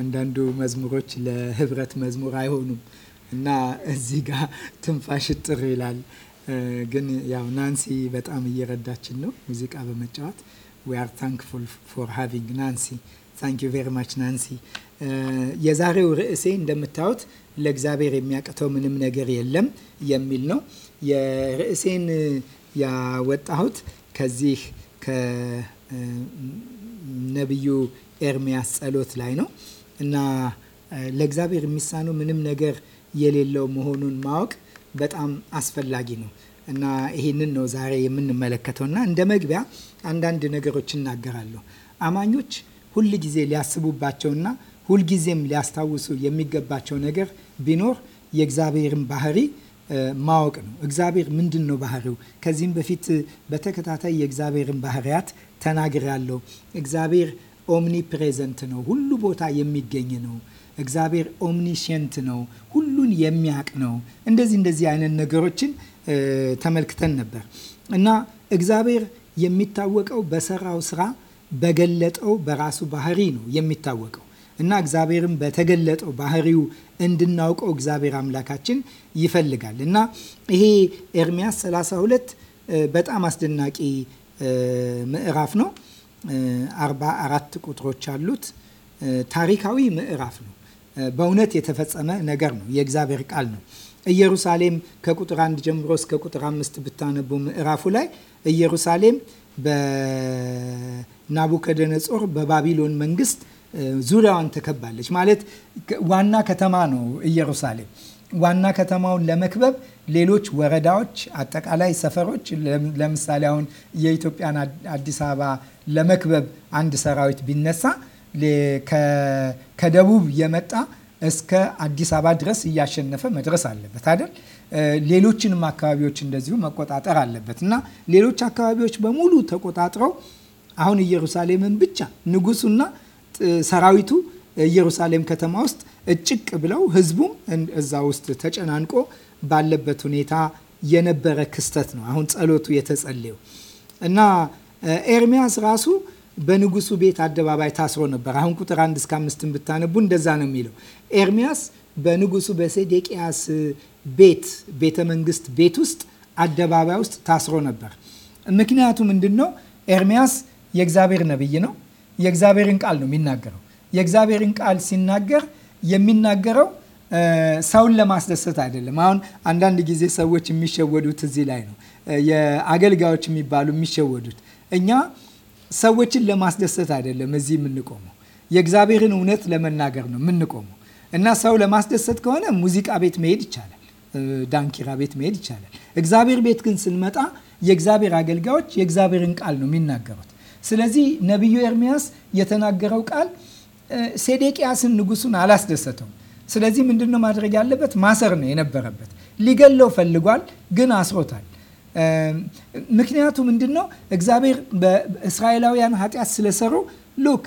አንዳንዱ መዝሙሮች ለህብረት መዝሙር አይሆኑም እና እዚህ ጋር ትንፋሽ ጥር ይላል። ግን ያው ናንሲ በጣም እየረዳችን ነው ሙዚቃ በመጫወት ዊ አር ታንክፉል ፎር ሃቪንግ ናንሲ ታንክ ዩ ቬሪ ማች ናንሲ። የዛሬው ርዕሴ እንደምታዩት ለእግዚአብሔር የሚያቅተው ምንም ነገር የለም የሚል ነው። የርዕሴን ያወጣሁት ከዚህ ከነቢዩ ኤርሚያስ ጸሎት ላይ ነው እና ለእግዚአብሔር የሚሳኑ ምንም ነገር የሌለው መሆኑን ማወቅ በጣም አስፈላጊ ነው እና ይህንን ነው ዛሬ የምንመለከተው እና እንደ መግቢያ አንዳንድ ነገሮች እናገራለሁ። አማኞች ሁል ጊዜ ሊያስቡባቸውና ሁልጊዜም ሊያስታውሱ የሚገባቸው ነገር ቢኖር የእግዚአብሔርን ባህሪ ማወቅ ነው። እግዚአብሔር ምንድን ነው ባህሪው? ከዚህም በፊት በተከታታይ የእግዚአብሔርን ባህሪያት ተናግሬያለሁ። እግዚአብሔር ኦምኒ ፕሬዘንት ነው፣ ሁሉ ቦታ የሚገኝ ነው። እግዚአብሔር ኦምኒሽንት ነው፣ ሁሉን የሚያውቅ ነው። እንደዚህ እንደዚህ አይነት ነገሮችን ተመልክተን ነበር እና እግዚአብሔር የሚታወቀው በሰራው ስራ በገለጠው በራሱ ባህሪ ነው የሚታወቀው እና እግዚአብሔርም በተገለጠው ባህሪው እንድናውቀው እግዚአብሔር አምላካችን ይፈልጋል እና ይሄ ኤርሚያስ 32 በጣም አስደናቂ ምዕራፍ ነው። አርባ አራት ቁጥሮች ያሉት ታሪካዊ ምዕራፍ ነው። በእውነት የተፈጸመ ነገር ነው። የእግዚአብሔር ቃል ነው። ኢየሩሳሌም ከቁጥር አንድ ጀምሮ እስከ ቁጥር አምስት ብታነቡ ምዕራፉ ላይ ኢየሩሳሌም በናቡከደነጾር በባቢሎን መንግስት ዙሪያዋን ተከባለች። ማለት ዋና ከተማ ነው ኢየሩሳሌም። ዋና ከተማውን ለመክበብ ሌሎች ወረዳዎች፣ አጠቃላይ ሰፈሮች ለምሳሌ አሁን የኢትዮጵያን አዲስ አበባ ለመክበብ አንድ ሰራዊት ቢነሳ ከደቡብ የመጣ እስከ አዲስ አበባ ድረስ እያሸነፈ መድረስ አለበት አይደል? ሌሎችንም አካባቢዎች እንደዚሁ መቆጣጠር አለበት እና ሌሎች አካባቢዎች በሙሉ ተቆጣጥረው አሁን ኢየሩሳሌምን ብቻ ንጉሱና ሰራዊቱ ኢየሩሳሌም ከተማ ውስጥ እጭቅ ብለው ህዝቡም እዛ ውስጥ ተጨናንቆ ባለበት ሁኔታ የነበረ ክስተት ነው። አሁን ጸሎቱ የተጸለየው እና ኤርሚያስ ራሱ በንጉሱ ቤት አደባባይ ታስሮ ነበር። አሁን ቁጥር አንድ እስከ አምስትን ብታነቡ እንደዛ ነው የሚለው። ኤርሚያስ በንጉሱ በሴዴቅያስ ቤት ቤተ መንግስት ቤት ውስጥ አደባባይ ውስጥ ታስሮ ነበር። ምክንያቱ ምንድን ነው? ኤርሚያስ የእግዚአብሔር ነቢይ ነው። የእግዚአብሔርን ቃል ነው የሚናገረው። የእግዚአብሔርን ቃል ሲናገር የሚናገረው ሰውን ለማስደሰት አይደለም። አሁን አንዳንድ ጊዜ ሰዎች የሚሸወዱት እዚህ ላይ ነው። የአገልጋዮች የሚባሉ የሚሸወዱት እኛ ሰዎችን ለማስደሰት አይደለም እዚህ የምንቆመው፣ የእግዚአብሔርን እውነት ለመናገር ነው የምንቆመው። እና ሰው ለማስደሰት ከሆነ ሙዚቃ ቤት መሄድ ይቻላል፣ ዳንኪራ ቤት መሄድ ይቻላል። እግዚአብሔር ቤት ግን ስንመጣ የእግዚአብሔር አገልጋዮች የእግዚአብሔርን ቃል ነው የሚናገሩት። ስለዚህ ነቢዩ ኤርሚያስ የተናገረው ቃል ሴዴቅያስን ንጉሱን አላስደሰተውም። ስለዚህ ምንድነው ማድረግ ያለበት? ማሰር ነው የነበረበት። ሊገለው ፈልጓል፣ ግን አስሮታል። ምክንያቱ ምንድን ነው? እግዚአብሔር በእስራኤላውያን ኃጢአት ስለሰሩ ሉክ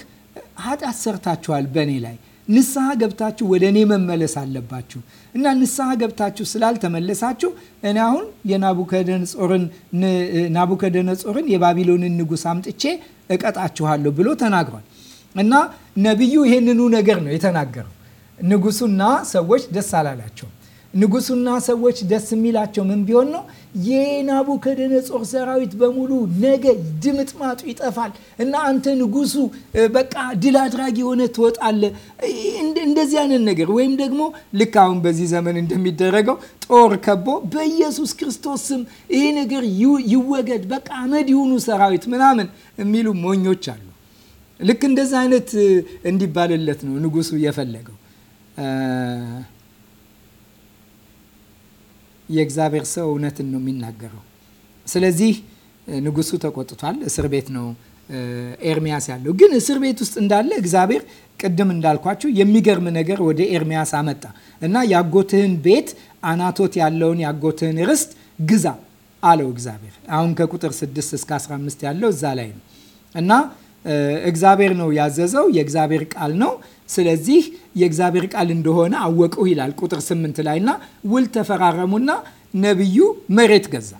ኃጢአት ሰርታችኋል በእኔ ላይ ንስሐ ገብታችሁ ወደ እኔ መመለስ አለባችሁ እና ንስሐ ገብታችሁ ስላልተመለሳችሁ እኔ አሁን የናቡከደነጾርን የባቢሎንን ንጉሥ አምጥቼ እቀጣችኋለሁ ብሎ ተናግሯል። እና ነቢዩ ይህንኑ ነገር ነው የተናገረው። ንጉሱና ሰዎች ደስ አላላቸውም። ንጉሱና ሰዎች ደስ የሚላቸው ምን ቢሆን ነው? የናቡከደነጾር ሰራዊት በሙሉ ነገ ድምጥማጡ ይጠፋል እና አንተ ንጉሱ በቃ ድል አድራጊ የሆነ ትወጣለህ። እንደዚህ አይነት ነገር ወይም ደግሞ ልክ አሁን በዚህ ዘመን እንደሚደረገው ጦር ከቦ በኢየሱስ ክርስቶስ ስም ይሄ ነገር ይወገድ፣ በቃ አመድ ይሁኑ ሰራዊት ምናምን የሚሉ ሞኞች አሉ። ልክ እንደዚህ አይነት እንዲባልለት ነው ንጉሱ የፈለገው። የእግዚአብሔር ሰው እውነትን ነው የሚናገረው። ስለዚህ ንጉሱ ተቆጥቷል። እስር ቤት ነው ኤርሚያስ ያለው። ግን እስር ቤት ውስጥ እንዳለ እግዚአብሔር ቅድም እንዳልኳችሁ የሚገርም ነገር ወደ ኤርሚያስ አመጣ እና ያጎትህን ቤት አናቶት ያለውን ያጎትህን ርስት ግዛ አለው እግዚአብሔር። አሁን ከቁጥር 6 እስከ 15 ያለው እዛ ላይ ነው እና እግዚአብሔር ነው ያዘዘው፣ የእግዚአብሔር ቃል ነው። ስለዚህ የእግዚአብሔር ቃል እንደሆነ አወቁ ይላል ቁጥር ስምንት ላይ እና ውል ተፈራረሙና ነቢዩ መሬት ገዛ።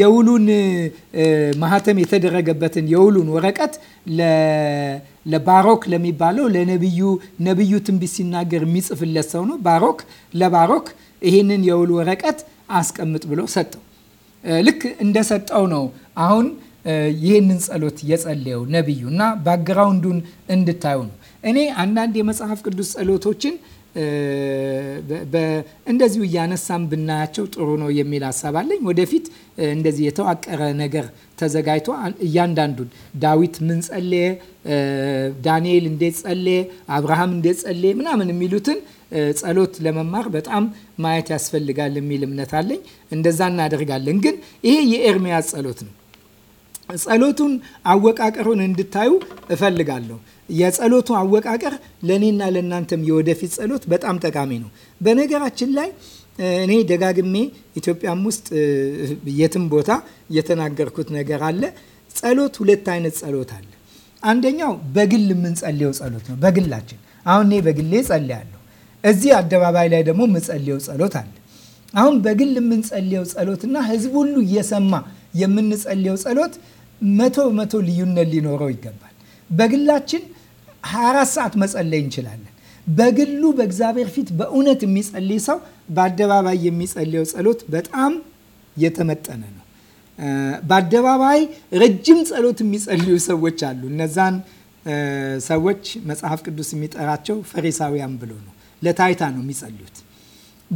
የውሉን ማህተም የተደረገበትን የውሉን ወረቀት ለባሮክ ለሚባለው ለነቢዩ ነቢዩ ትንቢት ሲናገር የሚጽፍለት ሰው ነው። ባሮክ ለባሮክ ይህንን የውል ወረቀት አስቀምጥ ብሎ ሰጠው። ልክ እንደሰጠው ነው አሁን ይህንን ጸሎት የጸለየው ነቢዩ እና ባግራውንዱን እንድታዩ ነው። እኔ አንዳንድ የመጽሐፍ ቅዱስ ጸሎቶችን እንደዚሁ እያነሳን ብናያቸው ጥሩ ነው የሚል ሀሳብ አለኝ። ወደፊት እንደዚህ የተዋቀረ ነገር ተዘጋጅቶ እያንዳንዱን ዳዊት ምን ጸለየ፣ ዳንኤል እንዴት ጸለየ፣ አብርሃም እንዴት ጸለየ ምናምን የሚሉትን ጸሎት ለመማር በጣም ማየት ያስፈልጋል የሚል እምነት አለኝ። እንደዛ እናደርጋለን። ግን ይሄ የኤርሚያስ ጸሎት ነው። ጸሎቱን አወቃቀሩን እንድታዩ እፈልጋለሁ። የጸሎቱ አወቃቀር ለእኔና ለእናንተም የወደፊት ጸሎት በጣም ጠቃሚ ነው። በነገራችን ላይ እኔ ደጋግሜ ኢትዮጵያም ውስጥ የትም ቦታ የተናገርኩት ነገር አለ። ጸሎት ሁለት አይነት ጸሎት አለ። አንደኛው በግል የምንጸልየው ጸሎት ነው። በግላችን አሁን እኔ በግሌ ጸልያለሁ። እዚህ አደባባይ ላይ ደግሞ የምጸልየው ጸሎት አለ። አሁን በግል የምንጸልየው ጸሎትና ህዝብ ሁሉ እየሰማ የምንጸልየው ጸሎት መቶ መቶ ልዩነት ሊኖረው ይገባል። በግላችን 24 ሰዓት መጸለይ እንችላለን። በግሉ በእግዚአብሔር ፊት በእውነት የሚጸልይ ሰው በአደባባይ የሚጸልየው ጸሎት በጣም የተመጠነ ነው። በአደባባይ ረጅም ጸሎት የሚጸልዩ ሰዎች አሉ። እነዛን ሰዎች መጽሐፍ ቅዱስ የሚጠራቸው ፈሪሳውያን ብሎ ነው። ለታይታ ነው የሚጸልዩት።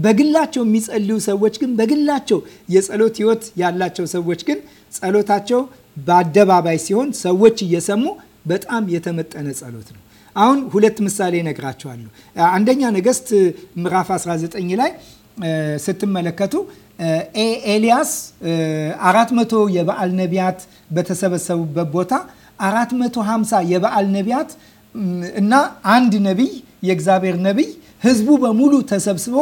በግላቸው የሚጸልዩ ሰዎች ግን በግላቸው የጸሎት ህይወት ያላቸው ሰዎች ግን ጸሎታቸው በአደባባይ ሲሆን ሰዎች እየሰሙ በጣም የተመጠነ ጸሎት ነው። አሁን ሁለት ምሳሌ ነግራቸዋለሁ። አንደኛ ነገስት ምዕራፍ 19 ላይ ስትመለከቱ ኤልያስ አራት መቶ የበዓል ነቢያት በተሰበሰቡበት ቦታ አራት መቶ ሃምሳ የበዓል ነቢያት እና አንድ ነቢይ የእግዚአብሔር ነቢይ ህዝቡ በሙሉ ተሰብስቦ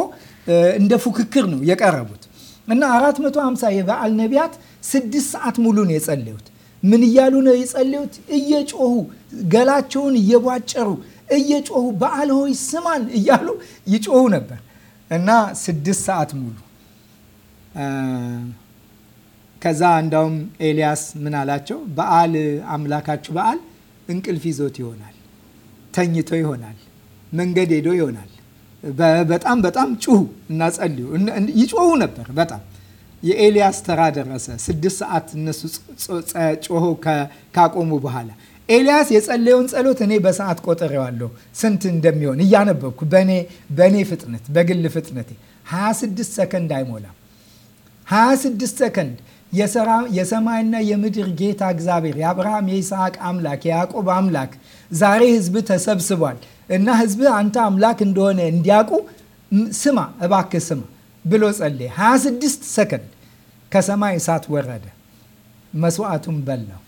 እንደ ፉክክር ነው የቀረቡት እና አራት መቶ ሃምሳ የበዓል ነቢያት ስድስት ሰዓት ሙሉ ነው የጸለዩት። ምን እያሉ ነው የጸለዩት? እየጮሁ ገላቸውን እየቧጨሩ እየጮሁ በዓል ሆይ ስማን እያሉ ይጮሁ ነበር እና ስድስት ሰዓት ሙሉ ከዛ እንዳውም ኤልያስ ምን አላቸው? በዓል አምላካችሁ በዓል እንቅልፍ ይዞት ይሆናል፣ ተኝቶ ይሆናል፣ መንገድ ሄዶ ይሆናል። በጣም በጣም ጩሁ እና ጸልዩ ይጮሁ ነበር በጣም የኤልያስ ተራ ደረሰ። ስድስት ሰዓት እነሱ ጮሆ ካቆሙ በኋላ ኤልያስ የጸለየውን ጸሎት እኔ በሰዓት ቆጥሬዋለሁ ስንት እንደሚሆን እያነበብኩ በእኔ ፍጥነት በግል ፍጥነቴ 26 ሰከንድ አይሞላም። 26 ሰከንድ የሰማይና የምድር ጌታ እግዚአብሔር የአብርሃም የይስሐቅ አምላክ የያዕቆብ አምላክ ዛሬ ህዝብ ተሰብስቧል እና ህዝብ አንተ አምላክ እንደሆነ እንዲያውቁ ስማ እባክህ ስማ ብሎ ጸለየ። 26 ሰከንድ ከሰማይ እሳት ወረደ፣ መስዋዕቱን በላው።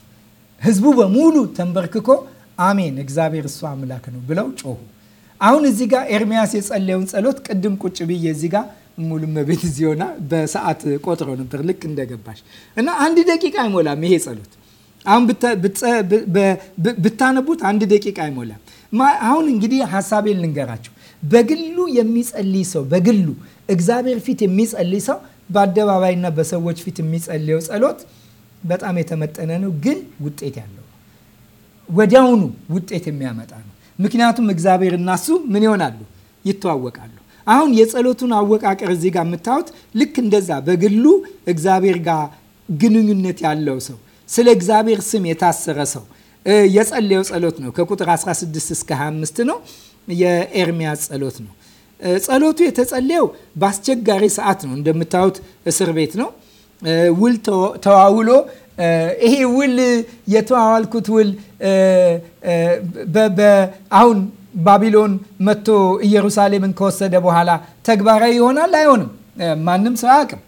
ህዝቡ በሙሉ ተንበርክኮ አሜን እግዚአብሔር እሱ አምላክ ነው ብለው ጮሁ። አሁን እዚህ ጋር ኤርሚያስ የጸለየውን ጸሎት ቅድም ቁጭ ብዬ እዚህ ጋር ሙሉ መቤት እዚህ ሆና በሰዓት ቆጥሮ ነበር ልክ እንደገባሽ እና አንድ ደቂቃ አይሞላም ይሄ ጸሎት አሁን ብታነቡት አንድ ደቂቃ አይሞላም። አሁን እንግዲህ ሀሳቤን ልንገራቸው። በግሉ የሚጸልይ ሰው በግሉ እግዚአብሔር ፊት የሚጸልይ ሰው በአደባባይና በሰዎች ፊት የሚጸልየው ጸሎት በጣም የተመጠነ ነው፣ ግን ውጤት ያለው ወዲያውኑ ውጤት የሚያመጣ ነው። ምክንያቱም እግዚአብሔር እና እሱ ምን ይሆናሉ? ይተዋወቃሉ። አሁን የጸሎቱን አወቃቀር እዚህ ጋር የምታዩት ልክ እንደዛ በግሉ እግዚአብሔር ጋር ግንኙነት ያለው ሰው ስለ እግዚአብሔር ስም የታሰረ ሰው የጸለየው ጸሎት ነው። ከቁጥር 16 እስከ 25 ነው። የኤርሚያስ ጸሎት ነው። ጸሎቱ የተጸለየው በአስቸጋሪ ሰዓት ነው። እንደምታዩት እስር ቤት ነው። ውል ተዋውሎ ይሄ ውል የተዋዋልኩት ውል አሁን ባቢሎን መጥቶ ኢየሩሳሌምን ከወሰደ በኋላ ተግባራዊ ይሆናል አይሆንም? ማንም ሰው አያውቅም።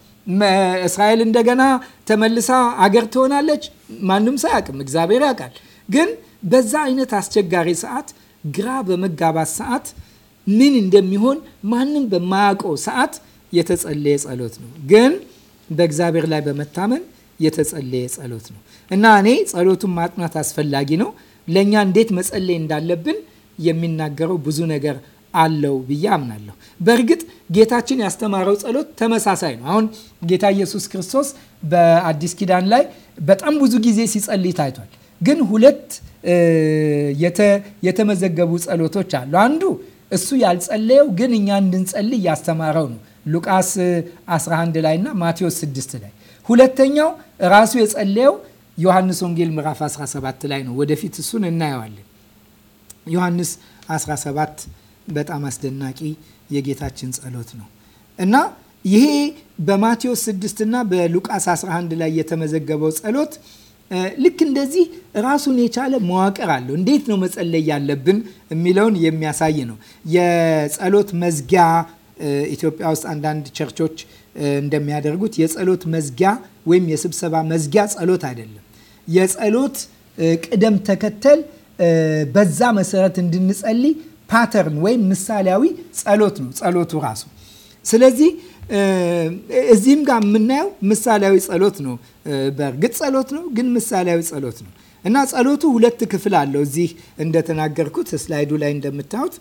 እስራኤል እንደገና ተመልሳ አገር ትሆናለች? ማንም ሰው አያውቅም። እግዚአብሔር ያውቃል። ግን በዛ አይነት አስቸጋሪ ሰዓት፣ ግራ በመጋባት ሰዓት ምን እንደሚሆን ማንም በማያውቀው ሰዓት የተጸለየ ጸሎት ነው። ግን በእግዚአብሔር ላይ በመታመን የተጸለየ ጸሎት ነው እና እኔ ጸሎቱን ማጥናት አስፈላጊ ነው። ለእኛ እንዴት መጸለይ እንዳለብን የሚናገረው ብዙ ነገር አለው ብዬ አምናለሁ። በእርግጥ ጌታችን ያስተማረው ጸሎት ተመሳሳይ ነው። አሁን ጌታ ኢየሱስ ክርስቶስ በአዲስ ኪዳን ላይ በጣም ብዙ ጊዜ ሲጸልይ ታይቷል። ግን ሁለት የተመዘገቡ ጸሎቶች አሉ። አንዱ እሱ ያልጸለየው ግን እኛ እንድንጸልይ ያስተማረው ነው። ሉቃስ 11 ላይ እና ማቴዎስ 6 ላይ። ሁለተኛው ራሱ የጸለየው ዮሐንስ ወንጌል ምዕራፍ 17 ላይ ነው። ወደፊት እሱን እናየዋለን። ዮሐንስ 17 በጣም አስደናቂ የጌታችን ጸሎት ነው እና ይሄ በማቴዎስ 6 እና በሉቃስ 11 ላይ የተመዘገበው ጸሎት ልክ እንደዚህ ራሱን የቻለ መዋቅር አለው። እንዴት ነው መጸለይ ያለብን የሚለውን የሚያሳይ ነው። የጸሎት መዝጊያ ኢትዮጵያ ውስጥ አንዳንድ ቸርቾች እንደሚያደርጉት የጸሎት መዝጊያ ወይም የስብሰባ መዝጊያ ጸሎት አይደለም። የጸሎት ቅደም ተከተል በዛ መሰረት እንድንጸልይ ፓተርን ወይም ምሳሌያዊ ጸሎት ነው ጸሎቱ ራሱ ስለዚህ እዚህም ጋር የምናየው ምሳሌያዊ ጸሎት ነው። በእርግጥ ጸሎት ነው፣ ግን ምሳሌያዊ ጸሎት ነው እና ጸሎቱ ሁለት ክፍል አለው። እዚህ እንደተናገርኩት ስላይዱ ላይ እንደምታዩት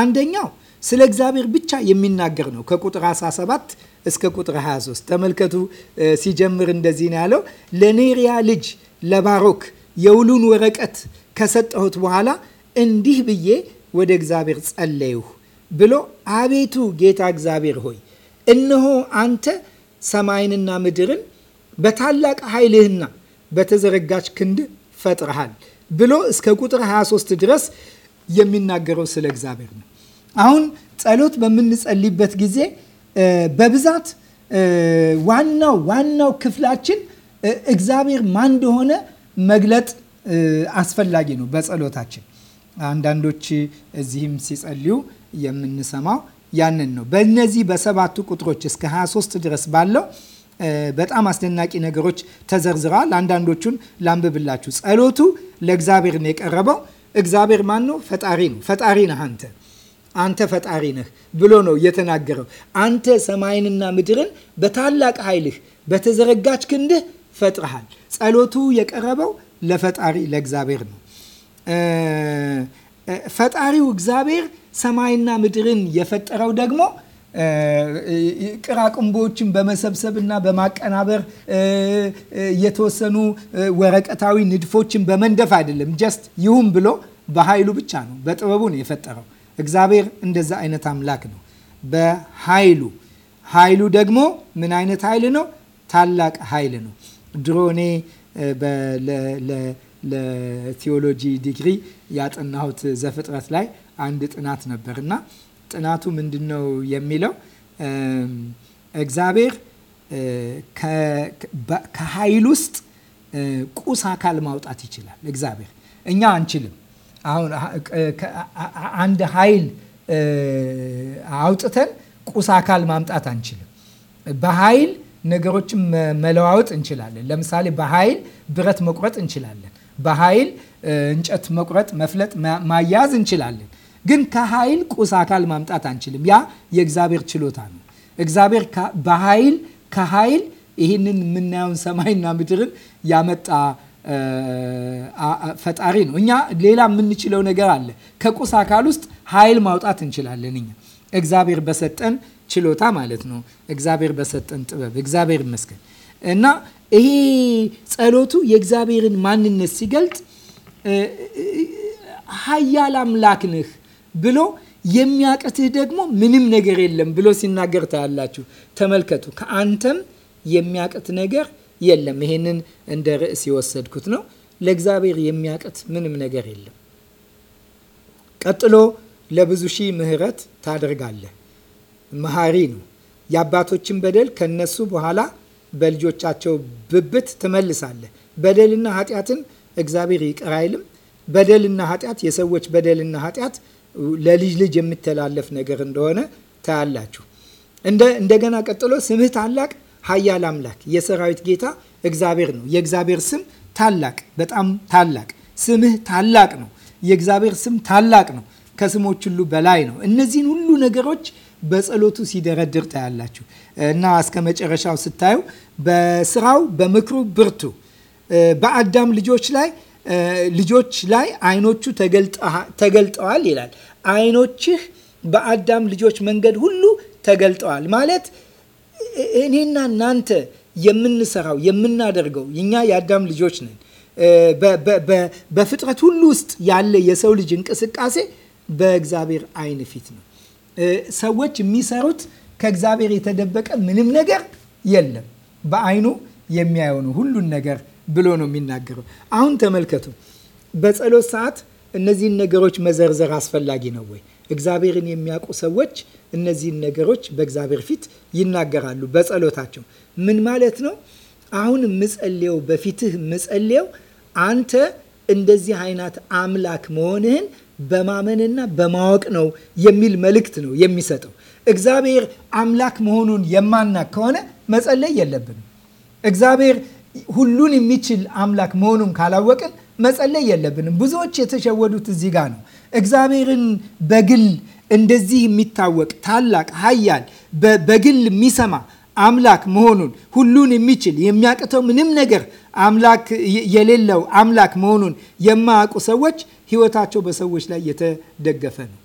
አንደኛው ስለ እግዚአብሔር ብቻ የሚናገር ነው ከቁጥር 17 እስከ ቁጥር 23 ተመልከቱ። ሲጀምር እንደዚህ ነው ያለው ለኔሪያ ልጅ ለባሮክ የውሉን ወረቀት ከሰጠሁት በኋላ እንዲህ ብዬ ወደ እግዚአብሔር ጸለይሁ ብሎ አቤቱ ጌታ እግዚአብሔር ሆይ እነሆ አንተ ሰማይንና ምድርን በታላቅ ኃይልህና በተዘረጋች ክንድ ፈጥረሃል ብሎ እስከ ቁጥር 23 ድረስ የሚናገረው ስለ እግዚአብሔር ነው። አሁን ጸሎት በምንጸልይበት ጊዜ በብዛት ዋናው ዋናው ክፍላችን እግዚአብሔር ማን እንደሆነ መግለጥ አስፈላጊ ነው። በጸሎታችን አንዳንዶች እዚህም ሲጸልዩ የምንሰማው ያንን ነው። በእነዚህ በሰባቱ ቁጥሮች እስከ 23 ድረስ ባለው በጣም አስደናቂ ነገሮች ተዘርዝረዋል። አንዳንዶቹን ላንብብላችሁ። ጸሎቱ ለእግዚአብሔር ነው የቀረበው። እግዚአብሔር ማን ነው? ፈጣሪ ነው። ፈጣሪ ነህ አንተ አንተ ፈጣሪ ነህ ብሎ ነው የተናገረው። አንተ ሰማይንና ምድርን በታላቅ ኃይልህ በተዘረጋች ክንድህ ፈጥረሃል። ጸሎቱ የቀረበው ለፈጣሪ ለእግዚአብሔር ነው። ፈጣሪው እግዚአብሔር ሰማይና ምድርን የፈጠረው ደግሞ ቅራቅንቦችን በመሰብሰብና በማቀናበር የተወሰኑ ወረቀታዊ ንድፎችን በመንደፍ አይደለም። ጀስት ይሁን ብሎ በኃይሉ ብቻ ነው፣ በጥበቡ ነው የፈጠረው። እግዚአብሔር እንደዛ አይነት አምላክ ነው። በኃይሉ ኃይሉ ደግሞ ምን አይነት ኃይል ነው? ታላቅ ኃይል ነው። ድሮ እኔ ለቲዮሎጂ ዲግሪ ያጠናሁት ዘፍጥረት ላይ አንድ ጥናት ነበር እና ጥናቱ ምንድን ነው የሚለው እግዚአብሔር ከኃይል ውስጥ ቁስ አካል ማውጣት ይችላል። እግዚአብሔር እኛ አንችልም። አሁን አንድ ኃይል አውጥተን ቁስ አካል ማምጣት አንችልም። በኃይል ነገሮችን መለዋወጥ እንችላለን። ለምሳሌ በኃይል ብረት መቁረጥ እንችላለን። በኃይል እንጨት መቁረጥ፣ መፍለጥ፣ ማያያዝ እንችላለን። ግን ከኃይል ቁስ አካል ማምጣት አንችልም። ያ የእግዚአብሔር ችሎታ ነው። እግዚአብሔር በኃይል ከኃይል ይህንን የምናየውን ሰማይና ምድርን ያመጣ ፈጣሪ ነው። እኛ ሌላ የምንችለው ነገር አለ? ከቁስ አካል ውስጥ ኃይል ማውጣት እንችላለን። እኛ እግዚአብሔር በሰጠን ችሎታ ማለት ነው። እግዚአብሔር በሰጠን ጥበብ፣ እግዚአብሔር ይመስገን እና ይሄ ጸሎቱ የእግዚአብሔርን ማንነት ሲገልጥ ኃያል አምላክ ነህ ብሎ የሚያቅትህ ደግሞ ምንም ነገር የለም ብሎ ሲናገር ታያላችሁ። ተመልከቱ፣ ከአንተም የሚያቅት ነገር የለም። ይሄንን እንደ ርዕስ የወሰድኩት ነው። ለእግዚአብሔር የሚያቅት ምንም ነገር የለም። ቀጥሎ ለብዙ ሺህ ምሕረት ታደርጋለህ። መሐሪ ነው። የአባቶችን በደል ከነሱ በኋላ በልጆቻቸው ብብት ትመልሳለህ። በደልና ኃጢአትን እግዚአብሔር ይቅር አይልም። በደልና ኃጢአት የሰዎች በደልና ኃጢአት ለልጅ ልጅ የሚተላለፍ ነገር እንደሆነ ታያላችሁ። እንደገና ቀጥሎ ስምህ ታላቅ ኃያል አምላክ የሰራዊት ጌታ እግዚአብሔር ነው። የእግዚአብሔር ስም ታላቅ፣ በጣም ታላቅ። ስምህ ታላቅ ነው። የእግዚአብሔር ስም ታላቅ ነው፣ ከስሞች ሁሉ በላይ ነው። እነዚህን ሁሉ ነገሮች በጸሎቱ ሲደረድር ታያላችሁ እና እስከ መጨረሻው ስታዩ በስራው በምክሩ ብርቱ በአዳም ልጆች ላይ ልጆች ላይ አይኖቹ ተገልጠዋል ይላል። አይኖችህ በአዳም ልጆች መንገድ ሁሉ ተገልጠዋል ማለት እኔና እናንተ የምንሰራው የምናደርገው እኛ የአዳም ልጆች ነን። በፍጥረት ሁሉ ውስጥ ያለ የሰው ልጅ እንቅስቃሴ በእግዚአብሔር አይን ፊት ነው። ሰዎች የሚሰሩት ከእግዚአብሔር የተደበቀ ምንም ነገር የለም። በአይኑ የሚያየው ነው ሁሉን ነገር ብሎ ነው የሚናገረው። አሁን ተመልከቱ፣ በጸሎት ሰዓት እነዚህን ነገሮች መዘርዘር አስፈላጊ ነው ወይ? እግዚአብሔርን የሚያውቁ ሰዎች እነዚህን ነገሮች በእግዚአብሔር ፊት ይናገራሉ በጸሎታቸው። ምን ማለት ነው? አሁን ምጸልየው፣ በፊትህ ምጸሌው አንተ እንደዚህ አይነት አምላክ መሆንህን በማመንና በማወቅ ነው የሚል መልእክት ነው የሚሰጠው። እግዚአብሔር አምላክ መሆኑን የማናቅ ከሆነ መጸለይ የለብንም። እግዚአብሔር ሁሉን የሚችል አምላክ መሆኑን ካላወቅን መጸለይ የለብንም። ብዙዎች የተሸወዱት እዚህ ጋር ነው። እግዚአብሔርን በግል እንደዚህ የሚታወቅ ታላቅ ኃያል በግል የሚሰማ አምላክ መሆኑን ሁሉን የሚችል የሚያቅተው ምንም ነገር አምላክ የሌለው አምላክ መሆኑን የማያውቁ ሰዎች ህይወታቸው በሰዎች ላይ የተደገፈ ነው።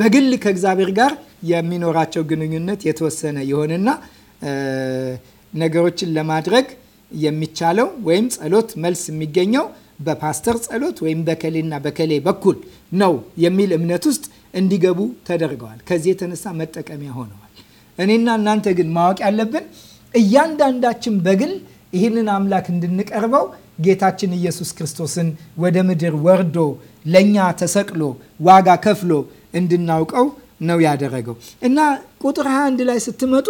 በግል ከእግዚአብሔር ጋር የሚኖራቸው ግንኙነት የተወሰነ የሆነና ነገሮችን ለማድረግ የሚቻለው ወይም ጸሎት መልስ የሚገኘው በፓስተር ጸሎት ወይም በከሌና በከሌ በኩል ነው የሚል እምነት ውስጥ እንዲገቡ ተደርገዋል። ከዚህ የተነሳ መጠቀሚያ ሆነዋል። እኔና እናንተ ግን ማወቅ ያለብን እያንዳንዳችን በግል ይህንን አምላክ እንድንቀርበው ጌታችን ኢየሱስ ክርስቶስን ወደ ምድር ወርዶ ለእኛ ተሰቅሎ ዋጋ ከፍሎ እንድናውቀው ነው ያደረገው እና ቁጥር 21 ላይ ስትመጡ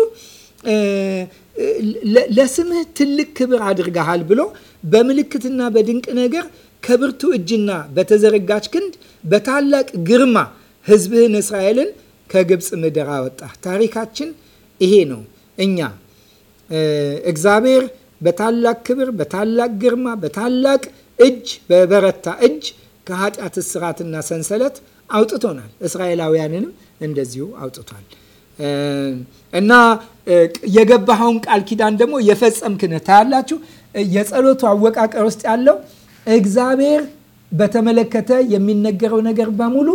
ለስምህ ትልቅ ክብር አድርገሃል ብሎ በምልክትና በድንቅ ነገር ከብርቱ እጅና በተዘረጋች ክንድ በታላቅ ግርማ ህዝብህን እስራኤልን ከግብፅ ምድር አወጣ። ታሪካችን ይሄ ነው። እኛ እግዚአብሔር በታላቅ ክብር፣ በታላቅ ግርማ፣ በታላቅ እጅ፣ በበረታ እጅ ከኃጢአት እስራትና ሰንሰለት አውጥቶናል። እስራኤላውያንንም እንደዚሁ አውጥቷል። እና የገባኸውን ቃል ኪዳን ደግሞ የፈጸምክ ነህ። ታያላችሁ የጸሎቱ አወቃቀር ውስጥ ያለው እግዚአብሔር በተመለከተ የሚነገረው ነገር በሙሉ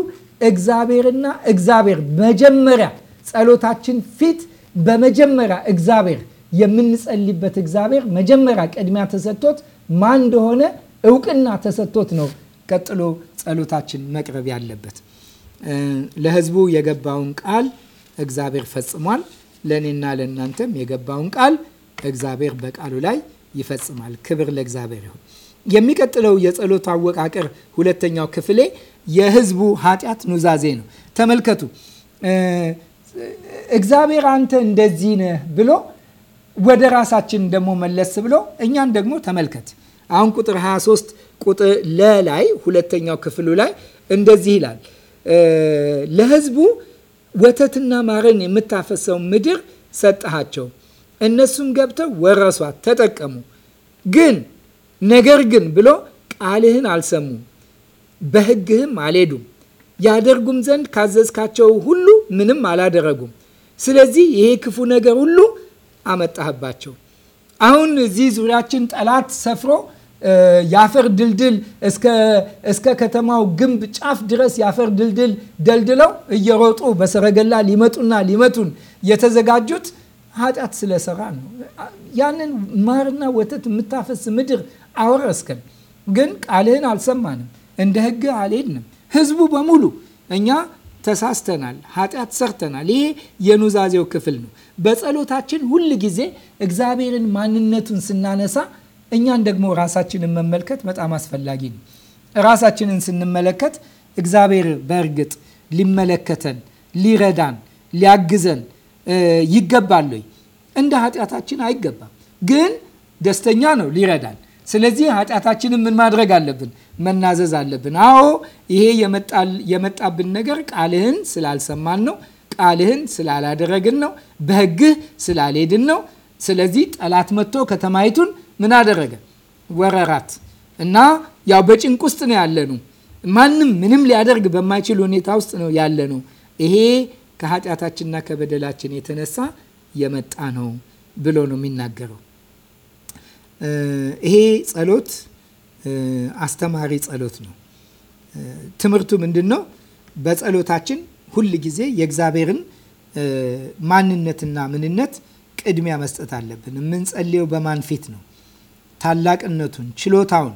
እግዚአብሔርና እግዚአብሔር መጀመሪያ ጸሎታችን ፊት በመጀመሪያ እግዚአብሔር የምንጸልይበት እግዚአብሔር መጀመሪያ ቅድሚያ ተሰጥቶት ማን እንደሆነ እውቅና ተሰጥቶት ነው ቀጥሎ ጸሎታችን መቅረብ ያለበት። ለህዝቡ የገባውን ቃል እግዚአብሔር ፈጽሟል። ለእኔና ለእናንተም የገባውን ቃል እግዚአብሔር በቃሉ ላይ ይፈጽማል። ክብር ለእግዚአብሔር ይሁን። የሚቀጥለው የጸሎት አወቃቀር ሁለተኛው ክፍሌ የህዝቡ ኃጢአት ኑዛዜ ነው። ተመልከቱ። እግዚአብሔር አንተ እንደዚህ ነህ ብሎ ወደ ራሳችን ደግሞ መለስ ብሎ እኛን ደግሞ ተመልከት። አሁን ቁጥር 23 ቁጥር ለላይ ሁለተኛው ክፍሉ ላይ እንደዚህ ይላል ለህዝቡ ወተትና ማርን የምታፈሰው ምድር ሰጠሃቸው። እነሱም ገብተው ወረሷት፣ ተጠቀሙ። ግን ነገር ግን ብሎ ቃልህን አልሰሙም፣ በሕግህም አልሄዱም። ያደርጉም ዘንድ ካዘዝካቸው ሁሉ ምንም አላደረጉም። ስለዚህ ይሄ ክፉ ነገር ሁሉ አመጣህባቸው። አሁን እዚህ ዙሪያችን ጠላት ሰፍሮ የአፈር ድልድል እስከ ከተማው ግንብ ጫፍ ድረስ የአፈር ድልድል ደልድለው እየሮጡ በሰረገላ ሊመጡና ሊመቱን የተዘጋጁት ኃጢአት ስለሰራ ነው። ያንን ማርና ወተት የምታፈስ ምድር አወረስከን፣ ግን ቃልህን አልሰማንም፣ እንደ ህግ አልሄድንም። ህዝቡ በሙሉ እኛ ተሳስተናል፣ ኃጢአት ሰርተናል። ይሄ የኑዛዜው ክፍል ነው። በጸሎታችን ሁል ጊዜ እግዚአብሔርን ማንነቱን ስናነሳ እኛን ደግሞ ራሳችንን መመልከት በጣም አስፈላጊ ነው። ራሳችንን ስንመለከት እግዚአብሔር በእርግጥ ሊመለከተን፣ ሊረዳን፣ ሊያግዘን ይገባል ወይ? እንደ ኃጢአታችን አይገባም፣ ግን ደስተኛ ነው ሊረዳን። ስለዚህ ኃጢአታችንን ምን ማድረግ አለብን? መናዘዝ አለብን። አዎ ይሄ የመጣብን ነገር ቃልህን ስላልሰማን ነው፣ ቃልህን ስላላደረግን ነው፣ በህግህ ስላልሄድን ነው። ስለዚህ ጠላት መጥቶ ከተማይቱን ምን አደረገ? ወረራት እና ያው በጭንቅ ውስጥ ነው ነው። ማንም ምንም ሊያደርግ በማይችል ሁኔታ ውስጥ ነው ነው። ይሄ ከኃጢአታችንና ከበደላችን የተነሳ የመጣ ነው ብሎ ነው የሚናገረው። ይሄ ጸሎት አስተማሪ ጸሎት ነው። ትምህርቱ ምንድን ነው? በጸሎታችን ሁል ጊዜ የእግዚአብሔርን ማንነትና ምንነት ቅድሚያ መስጠት አለብን። የምንጸልየው በማን ፊት ነው? ታላቅነቱን፣ ችሎታውን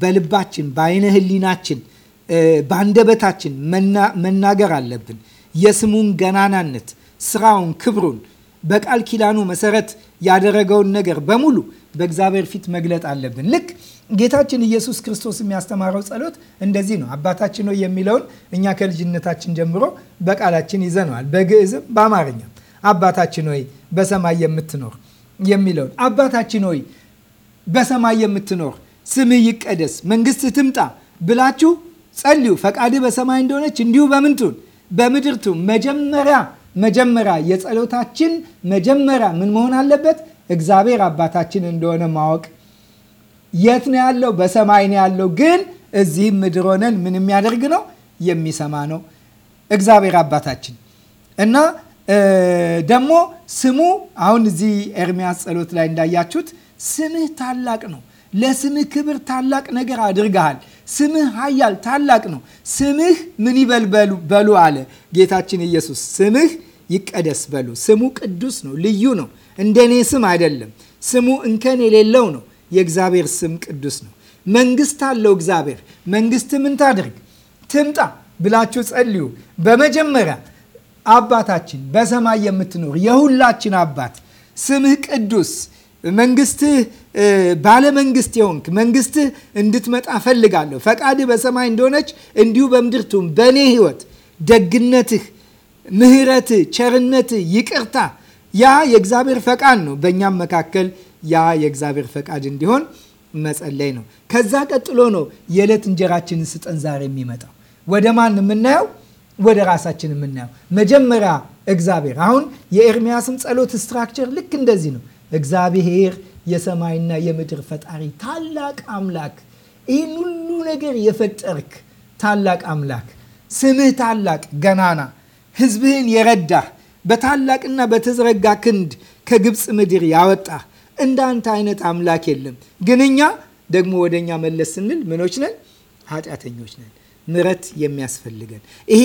በልባችን በአይነ ህሊናችን በአንደበታችን መናገር አለብን። የስሙን ገናናነት፣ ስራውን፣ ክብሩን በቃል ኪዳኑ መሰረት ያደረገውን ነገር በሙሉ በእግዚአብሔር ፊት መግለጥ አለብን። ልክ ጌታችን ኢየሱስ ክርስቶስ የሚያስተማረው ጸሎት እንደዚህ ነው። አባታችን ሆይ የሚለውን እኛ ከልጅነታችን ጀምሮ በቃላችን ይዘነዋል። በግዕዝም በአማርኛም አባታችን ሆይ በሰማይ የምትኖር የሚለውን አባታችን ሆይ በሰማይ የምትኖር ስምህ ይቀደስ፣ መንግስት ትምጣ ብላችሁ ጸልዩ። ፈቃድህ በሰማይ እንደሆነች እንዲሁ በምንቱ በምድር ትሁን። መጀመሪያ መጀመሪያ የጸሎታችን መጀመሪያ ምን መሆን አለበት? እግዚአብሔር አባታችን እንደሆነ ማወቅ። የት ነው ያለው? በሰማይ ነው ያለው። ግን እዚህም ምድር ሆነን ምን የሚያደርግ ነው? የሚሰማ ነው እግዚአብሔር አባታችን እና ደግሞ ስሙ አሁን እዚህ ኤርሚያስ ጸሎት ላይ እንዳያችሁት ስምህ ታላቅ ነው። ለስምህ ክብር ታላቅ ነገር አድርገሃል። ስምህ ኃያል ታላቅ ነው። ስምህ ምን ይበል በሉ አለ ጌታችን ኢየሱስ። ስምህ ይቀደስ በሉ። ስሙ ቅዱስ ነው፣ ልዩ ነው። እንደኔ ስም አይደለም። ስሙ እንከን የሌለው ነው። የእግዚአብሔር ስም ቅዱስ ነው። መንግስት አለው እግዚአብሔር። መንግስት ምን ታድርግ ትምጣ ብላችሁ ጸልዩ። በመጀመሪያ አባታችን በሰማይ የምትኖር የሁላችን አባት ስምህ ቅዱስ መንግስትህ መንግስት የሆንክ መንግስትህ እንድትመጣ ፈልጋለሁ። ፈቃድህ በሰማይ እንደሆነች እንዲሁ በምድር ትሁን። በእኔ ህይወት ደግነትህ፣ ምህረት ቸርነትህ፣ ይቅርታ ያ የእግዚአብሔር ፈቃድ ነው። በእኛም መካከል ያ የእግዚአብሔር ፈቃድ እንዲሆን መጸለይ ነው። ከዛ ቀጥሎ ነው የዕለት እንጀራችንን ስጠን ዛሬ የሚመጣው ወደ ማን የምናየው? ወደ ራሳችን የምናየው መጀመሪያ እግዚአብሔር። አሁን የኤርሚያስን ጸሎት ስትራክቸር ልክ እንደዚህ ነው። እግዚአብሔር የሰማይና የምድር ፈጣሪ ታላቅ አምላክ፣ ይህን ሁሉ ነገር የፈጠርክ ታላቅ አምላክ፣ ስምህ ታላቅ ገናና፣ ህዝብህን የረዳህ በታላቅና በተዘረጋ ክንድ ከግብፅ ምድር ያወጣ እንዳንተ አይነት አምላክ የለም። ግን እኛ ደግሞ ወደ እኛ መለስ ስንል ምኖች ነን? ኃጢአተኞች ነን። ምረት የሚያስፈልገን ይሄ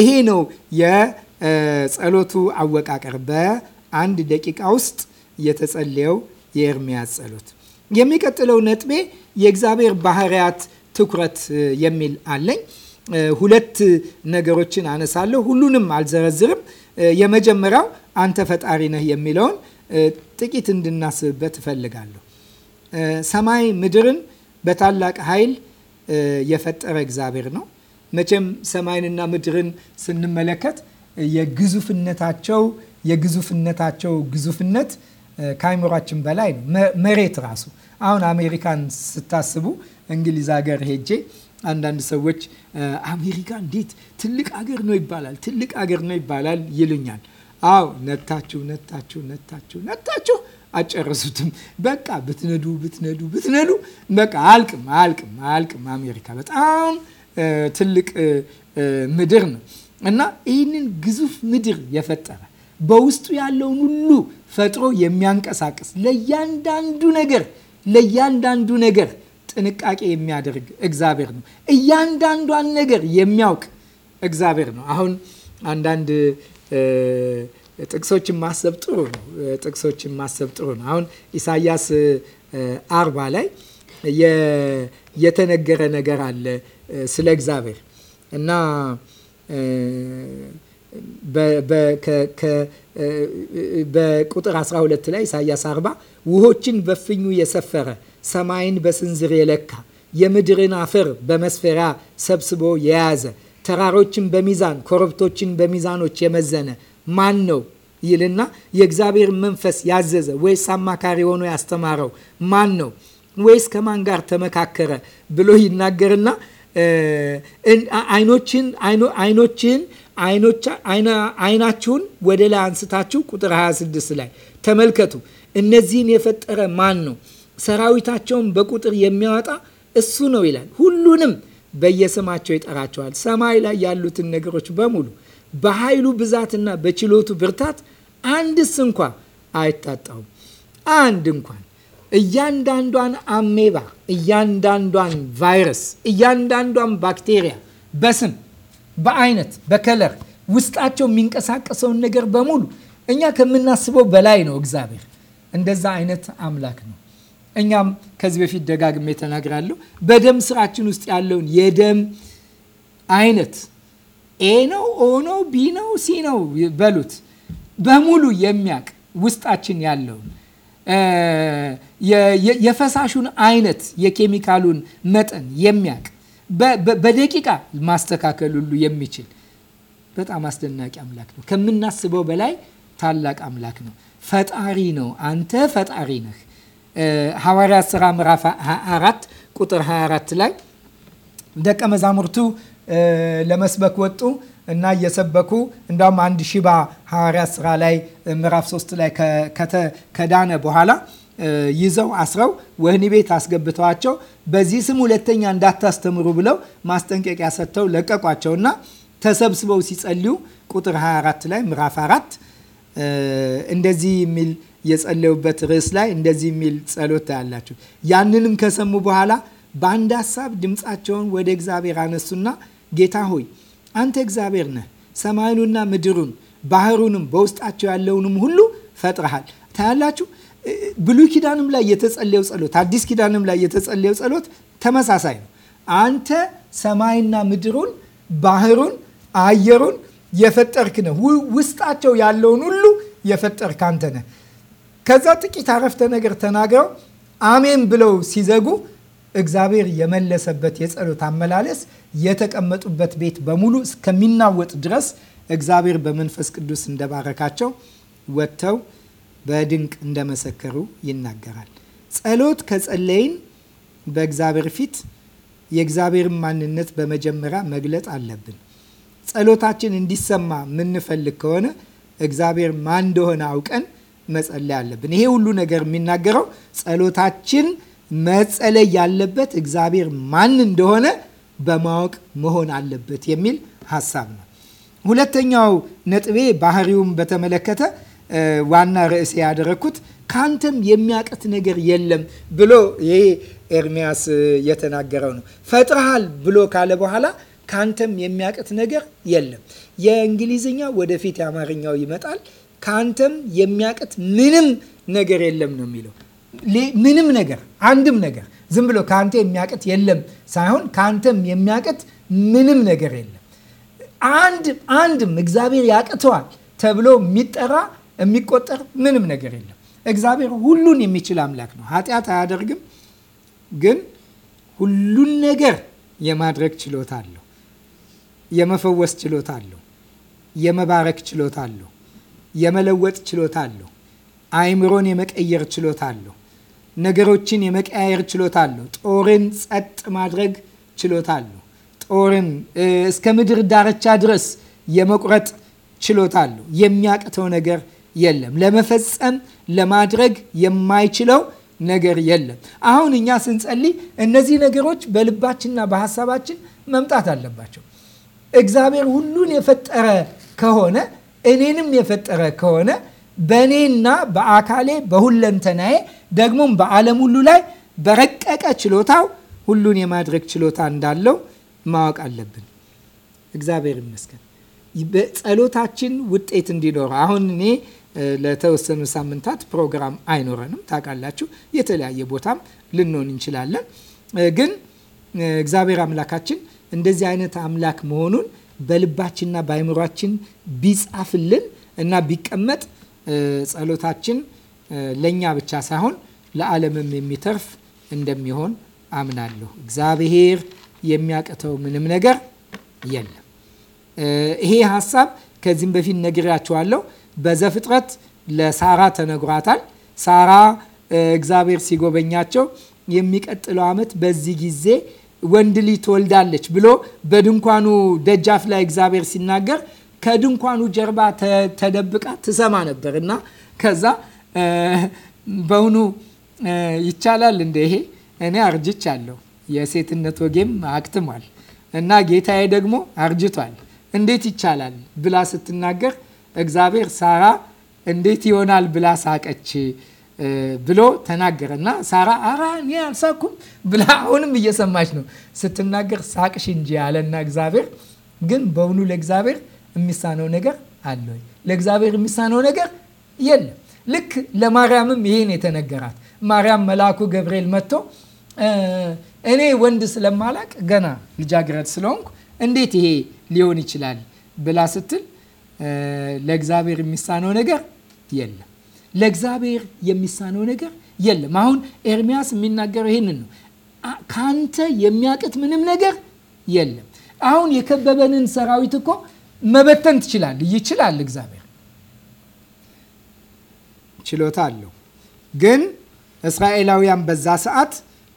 ይሄ ነው የጸሎቱ አወቃቀር በአንድ ደቂቃ ውስጥ የተጸለየው የኤርሚያስ ጸሎት። የሚቀጥለው ነጥቤ የእግዚአብሔር ባህሪያት ትኩረት የሚል አለኝ። ሁለት ነገሮችን አነሳለሁ። ሁሉንም አልዘረዝርም። የመጀመሪያው አንተ ፈጣሪ ነህ የሚለውን ጥቂት እንድናስብበት እፈልጋለሁ። ሰማይ ምድርን በታላቅ ኃይል የፈጠረ እግዚአብሔር ነው። መቼም ሰማይንና ምድርን ስንመለከት የግዙፍነታቸው የግዙፍነታቸው ግዙፍነት ከአይምሯችን በላይ ነው። መሬት ራሱ አሁን አሜሪካን ስታስቡ እንግሊዝ ሀገር ሄጄ አንዳንድ ሰዎች አሜሪካ እንዴት ትልቅ አገር ነው ይባላል፣ ትልቅ አገር ነው ይባላል ይሉኛል። አዎ ነታችሁ ነታችሁ ነታችሁ ነታችሁ አጨረሱትም። በቃ ብትነዱ ብትነዱ ብትነዱ በቃ አልቅም አልቅም አልቅም። አሜሪካ በጣም ትልቅ ምድር ነው እና ይህንን ግዙፍ ምድር የፈጠረ በውስጡ ያለውን ሁሉ ፈጥሮ የሚያንቀሳቅስ ለእያንዳንዱ ነገር ለእያንዳንዱ ነገር ጥንቃቄ የሚያደርግ እግዚአብሔር ነው። እያንዳንዷን ነገር የሚያውቅ እግዚአብሔር ነው። አሁን አንዳንድ ጥቅሶችን ማሰብ ጥሩ ነው። ጥቅሶችን ማሰብ ጥሩ ነው። አሁን ኢሳያስ አርባ ላይ የተነገረ ነገር አለ ስለ እግዚአብሔር እና በቁጥር 12 ላይ ኢሳያስ 40 ውሆችን በፍኙ የሰፈረ ሰማይን በስንዝር የለካ የምድርን አፈር በመስፈሪያ ሰብስቦ የያዘ ተራሮችን በሚዛን ኮረብቶችን በሚዛኖች የመዘነ ማን ነው ይልና የእግዚአብሔር መንፈስ ያዘዘ ወይስ አማካሪ ሆኖ ያስተማረው ማን ነው ወይስ ከማን ጋር ተመካከረ ብሎ ይናገርና አይኖችን አይናችሁን ወደ ላይ አንስታችሁ ቁጥር 26 ላይ ተመልከቱ። እነዚህን የፈጠረ ማን ነው? ሰራዊታቸውን በቁጥር የሚያወጣ እሱ ነው ይላል። ሁሉንም በየስማቸው ይጠራቸዋል። ሰማይ ላይ ያሉትን ነገሮች በሙሉ በኃይሉ ብዛትና በችሎቱ ብርታት አንድስ እንኳ አይታጣውም። አንድ እንኳን እያንዳንዷን አሜባ፣ እያንዳንዷን ቫይረስ፣ እያንዳንዷን ባክቴሪያ በስም በአይነት በከለር ውስጣቸው የሚንቀሳቀሰውን ነገር በሙሉ እኛ ከምናስበው በላይ ነው። እግዚአብሔር እንደዛ አይነት አምላክ ነው። እኛም ከዚህ በፊት ደጋግሜ ተናግራለሁ። በደም ስራችን ውስጥ ያለውን የደም አይነት ኤ ነው፣ ኦ ነው፣ ቢ ነው፣ ሲ ነው በሉት በሙሉ የሚያውቅ ውስጣችን ያለውን የፈሳሹን አይነት የኬሚካሉን መጠን የሚያውቅ በደቂቃ ማስተካከል ሁሉ የሚችል በጣም አስደናቂ አምላክ ነው። ከምናስበው በላይ ታላቅ አምላክ ነው። ፈጣሪ ነው። አንተ ፈጣሪ ነህ። ሐዋርያት ሥራ ምዕራፍ 24 ቁጥር 24 ላይ ደቀ መዛሙርቱ ለመስበክ ወጡ እና እየሰበኩ እንዳውም አንድ ሽባ ሐዋርያት ሥራ ላይ ምዕራፍ 3 ላይ ከዳነ በኋላ ይዘው አስረው ወህኒ ቤት አስገብተዋቸው በዚህ ስም ሁለተኛ እንዳታስተምሩ ብለው ማስጠንቀቂያ ሰጥተው ለቀቋቸው እና ተሰብስበው ሲጸልዩ ቁጥር 24 ላይ ምዕራፍ 4 እንደዚህ የሚል የጸለዩበት ርዕስ ላይ እንደዚህ የሚል ጸሎት ታያላችሁ። ያንንም ከሰሙ በኋላ በአንድ ሀሳብ ድምፃቸውን ወደ እግዚአብሔር አነሱና ጌታ ሆይ አንተ እግዚአብሔር ነህ፣ ሰማዩንና ምድሩን ባህሩንም በውስጣቸው ያለውንም ሁሉ ፈጥረሃል። ታያላችሁ ብሉይ ኪዳንም ላይ የተጸለየው ጸሎት፣ አዲስ ኪዳንም ላይ የተጸለየው ጸሎት ተመሳሳይ ነው። አንተ ሰማይና ምድሩን፣ ባህሩን፣ አየሩን የፈጠርክ ነህ። ውስጣቸው ያለውን ሁሉ የፈጠርክ አንተ ነህ። ከዛ ጥቂት አረፍተ ነገር ተናግረው አሜን ብለው ሲዘጉ እግዚአብሔር የመለሰበት የጸሎት አመላለስ የተቀመጡበት ቤት በሙሉ እስከሚናወጥ ድረስ እግዚአብሔር በመንፈስ ቅዱስ እንደባረካቸው ወጥተው በድንቅ እንደመሰከሩ ይናገራል። ጸሎት ከጸለይን በእግዚአብሔር ፊት የእግዚአብሔርን ማንነት በመጀመሪያ መግለጥ አለብን። ጸሎታችን እንዲሰማ የምንፈልግ ከሆነ እግዚአብሔር ማን እንደሆነ አውቀን መጸለይ አለብን። ይሄ ሁሉ ነገር የሚናገረው ጸሎታችን መጸለይ ያለበት እግዚአብሔር ማን እንደሆነ በማወቅ መሆን አለበት የሚል ሀሳብ ነው። ሁለተኛው ነጥቤ ባህሪውን በተመለከተ ዋና ርዕሴ ያደረግኩት ካንተም የሚያቀት ነገር የለም ብሎ ይሄ ኤርሚያስ የተናገረው ነው። ፈጥረሃል ብሎ ካለ በኋላ ካንተም የሚያቀት ነገር የለም። የእንግሊዝኛ ወደፊት የአማርኛው ይመጣል። ካንተም የሚያቀት ምንም ነገር የለም ነው የሚለው። ምንም ነገር አንድም ነገር ዝም ብሎ ከአንተ የሚያቀት የለም ሳይሆን ከአንተም የሚያቀት ምንም ነገር የለም። አንድ አንድም እግዚአብሔር ያቅተዋል ተብሎ የሚጠራ የሚቆጠር ምንም ነገር የለም። እግዚአብሔር ሁሉን የሚችል አምላክ ነው። ኃጢአት አያደርግም፣ ግን ሁሉን ነገር የማድረግ ችሎታ አለው። የመፈወስ ችሎታ አለው። የመባረክ ችሎታ አለው። የመለወጥ ችሎታ አለው። አይምሮን የመቀየር ችሎታ አለው። ነገሮችን የመቀያየር ችሎታ አለው። ጦርን ጸጥ ማድረግ ችሎታ አለው። ጦርን እስከ ምድር ዳርቻ ድረስ የመቁረጥ ችሎታ አለው። የሚያቅተው ነገር የለም። ለመፈጸም ለማድረግ የማይችለው ነገር የለም። አሁን እኛ ስንጸልይ እነዚህ ነገሮች በልባችንና በሀሳባችን መምጣት አለባቸው። እግዚአብሔር ሁሉን የፈጠረ ከሆነ እኔንም የፈጠረ ከሆነ በእኔና በአካሌ በሁለንተናዬ ደግሞም በዓለም ሁሉ ላይ በረቀቀ ችሎታው ሁሉን የማድረግ ችሎታ እንዳለው ማወቅ አለብን። እግዚአብሔር ይመስገን። ጸሎታችን ውጤት እንዲኖረው አሁን እኔ ለተወሰኑ ሳምንታት ፕሮግራም አይኖረንም። ታውቃላችሁ፣ የተለያየ ቦታም ልንሆን እንችላለን። ግን እግዚአብሔር አምላካችን እንደዚህ አይነት አምላክ መሆኑን በልባችንና በአይምሯችን ቢጻፍልን እና ቢቀመጥ ጸሎታችን ለእኛ ብቻ ሳይሆን ለዓለምም የሚተርፍ እንደሚሆን አምናለሁ። እግዚአብሔር የሚያቅተው ምንም ነገር የለም። ይሄ ሀሳብ ከዚህም በፊት ነግሬያችኋለሁ። በዘፍጥረት ለሳራ ተነግሯታል። ሳራ እግዚአብሔር ሲጎበኛቸው የሚቀጥለው ዓመት በዚህ ጊዜ ወንድ ልጅ ትወልዳለች ብሎ በድንኳኑ ደጃፍ ላይ እግዚአብሔር ሲናገር ከድንኳኑ ጀርባ ተደብቃ ትሰማ ነበር እና ከዛ በውኑ ይቻላል እንደ ይሄ እኔ አርጅቻለሁ፣ የሴትነት ወጌም አክትሟል እና ጌታዬ ደግሞ አርጅቷል፣ እንዴት ይቻላል ብላ ስትናገር እግዚአብሔር ሳራ እንዴት ይሆናል ብላ ሳቀች ብሎ ተናገረ እና ሳራ አራ እኔ አልሳኩም ብላ አሁንም እየሰማች ነው ስትናገር ሳቅሽ እንጂ ያለና እግዚአብሔር ግን በውኑ ለእግዚአብሔር የሚሳነው ነገር አለ ወይ? ለእግዚአብሔር የሚሳነው ነገር የለም። ልክ ለማርያምም ይሄን የተነገራት ማርያም መልአኩ ገብርኤል መጥቶ እኔ ወንድ ስለማላቅ ገና ልጃግረት ስለሆንኩ እንዴት ይሄ ሊሆን ይችላል ብላ ስትል ለእግዚአብሔር የሚሳነው ነገር የለም። ለእግዚአብሔር የሚሳነው ነገር የለም። አሁን ኤርሚያስ የሚናገረው ይህንን ነው። ከአንተ የሚያቅት ምንም ነገር የለም። አሁን የከበበንን ሰራዊት እኮ መበተን ትችላል፣ ይችላል። እግዚአብሔር ችሎታ አለው። ግን እስራኤላውያን በዛ ሰዓት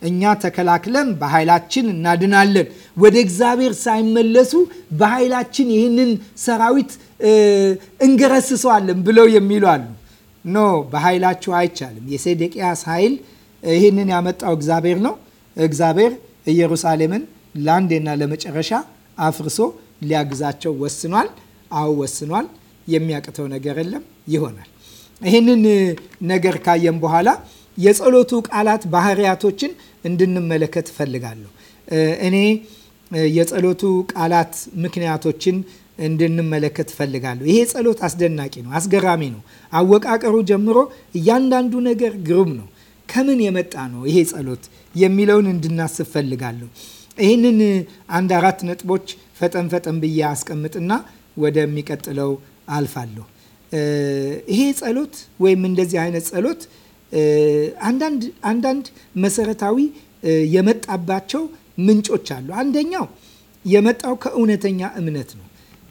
እኛ ተከላክለን በኃይላችን እናድናለን። ወደ እግዚአብሔር ሳይመለሱ በኃይላችን ይህንን ሰራዊት እንገረስሰዋለን ብለው የሚሉ አሉ። ኖ በኃይላችሁ አይቻልም። የሴዴቅያስ ኃይል ይህንን ያመጣው እግዚአብሔር ነው። እግዚአብሔር ኢየሩሳሌምን ለአንዴና ለመጨረሻ አፍርሶ ሊያግዛቸው ወስኗል። አዎ ወስኗል። የሚያቅተው ነገር የለም። ይሆናል። ይህንን ነገር ካየን በኋላ የጸሎቱ ቃላት ባህሪያቶችን እንድንመለከት እፈልጋለሁ። እኔ የጸሎቱ ቃላት ምክንያቶችን እንድንመለከት እፈልጋለሁ። ይሄ ጸሎት አስደናቂ ነው፣ አስገራሚ ነው። አወቃቀሩ ጀምሮ እያንዳንዱ ነገር ግሩም ነው። ከምን የመጣ ነው ይሄ ጸሎት የሚለውን እንድናስብ እፈልጋለሁ። ይህንን አንድ አራት ነጥቦች ፈጠን ፈጠን ብዬ አስቀምጥና ወደሚቀጥለው አልፋለሁ። ይሄ ጸሎት ወይም እንደዚህ አይነት ጸሎት አንዳንድ አንዳንድ መሰረታዊ የመጣባቸው ምንጮች አሉ። አንደኛው የመጣው ከእውነተኛ እምነት ነው።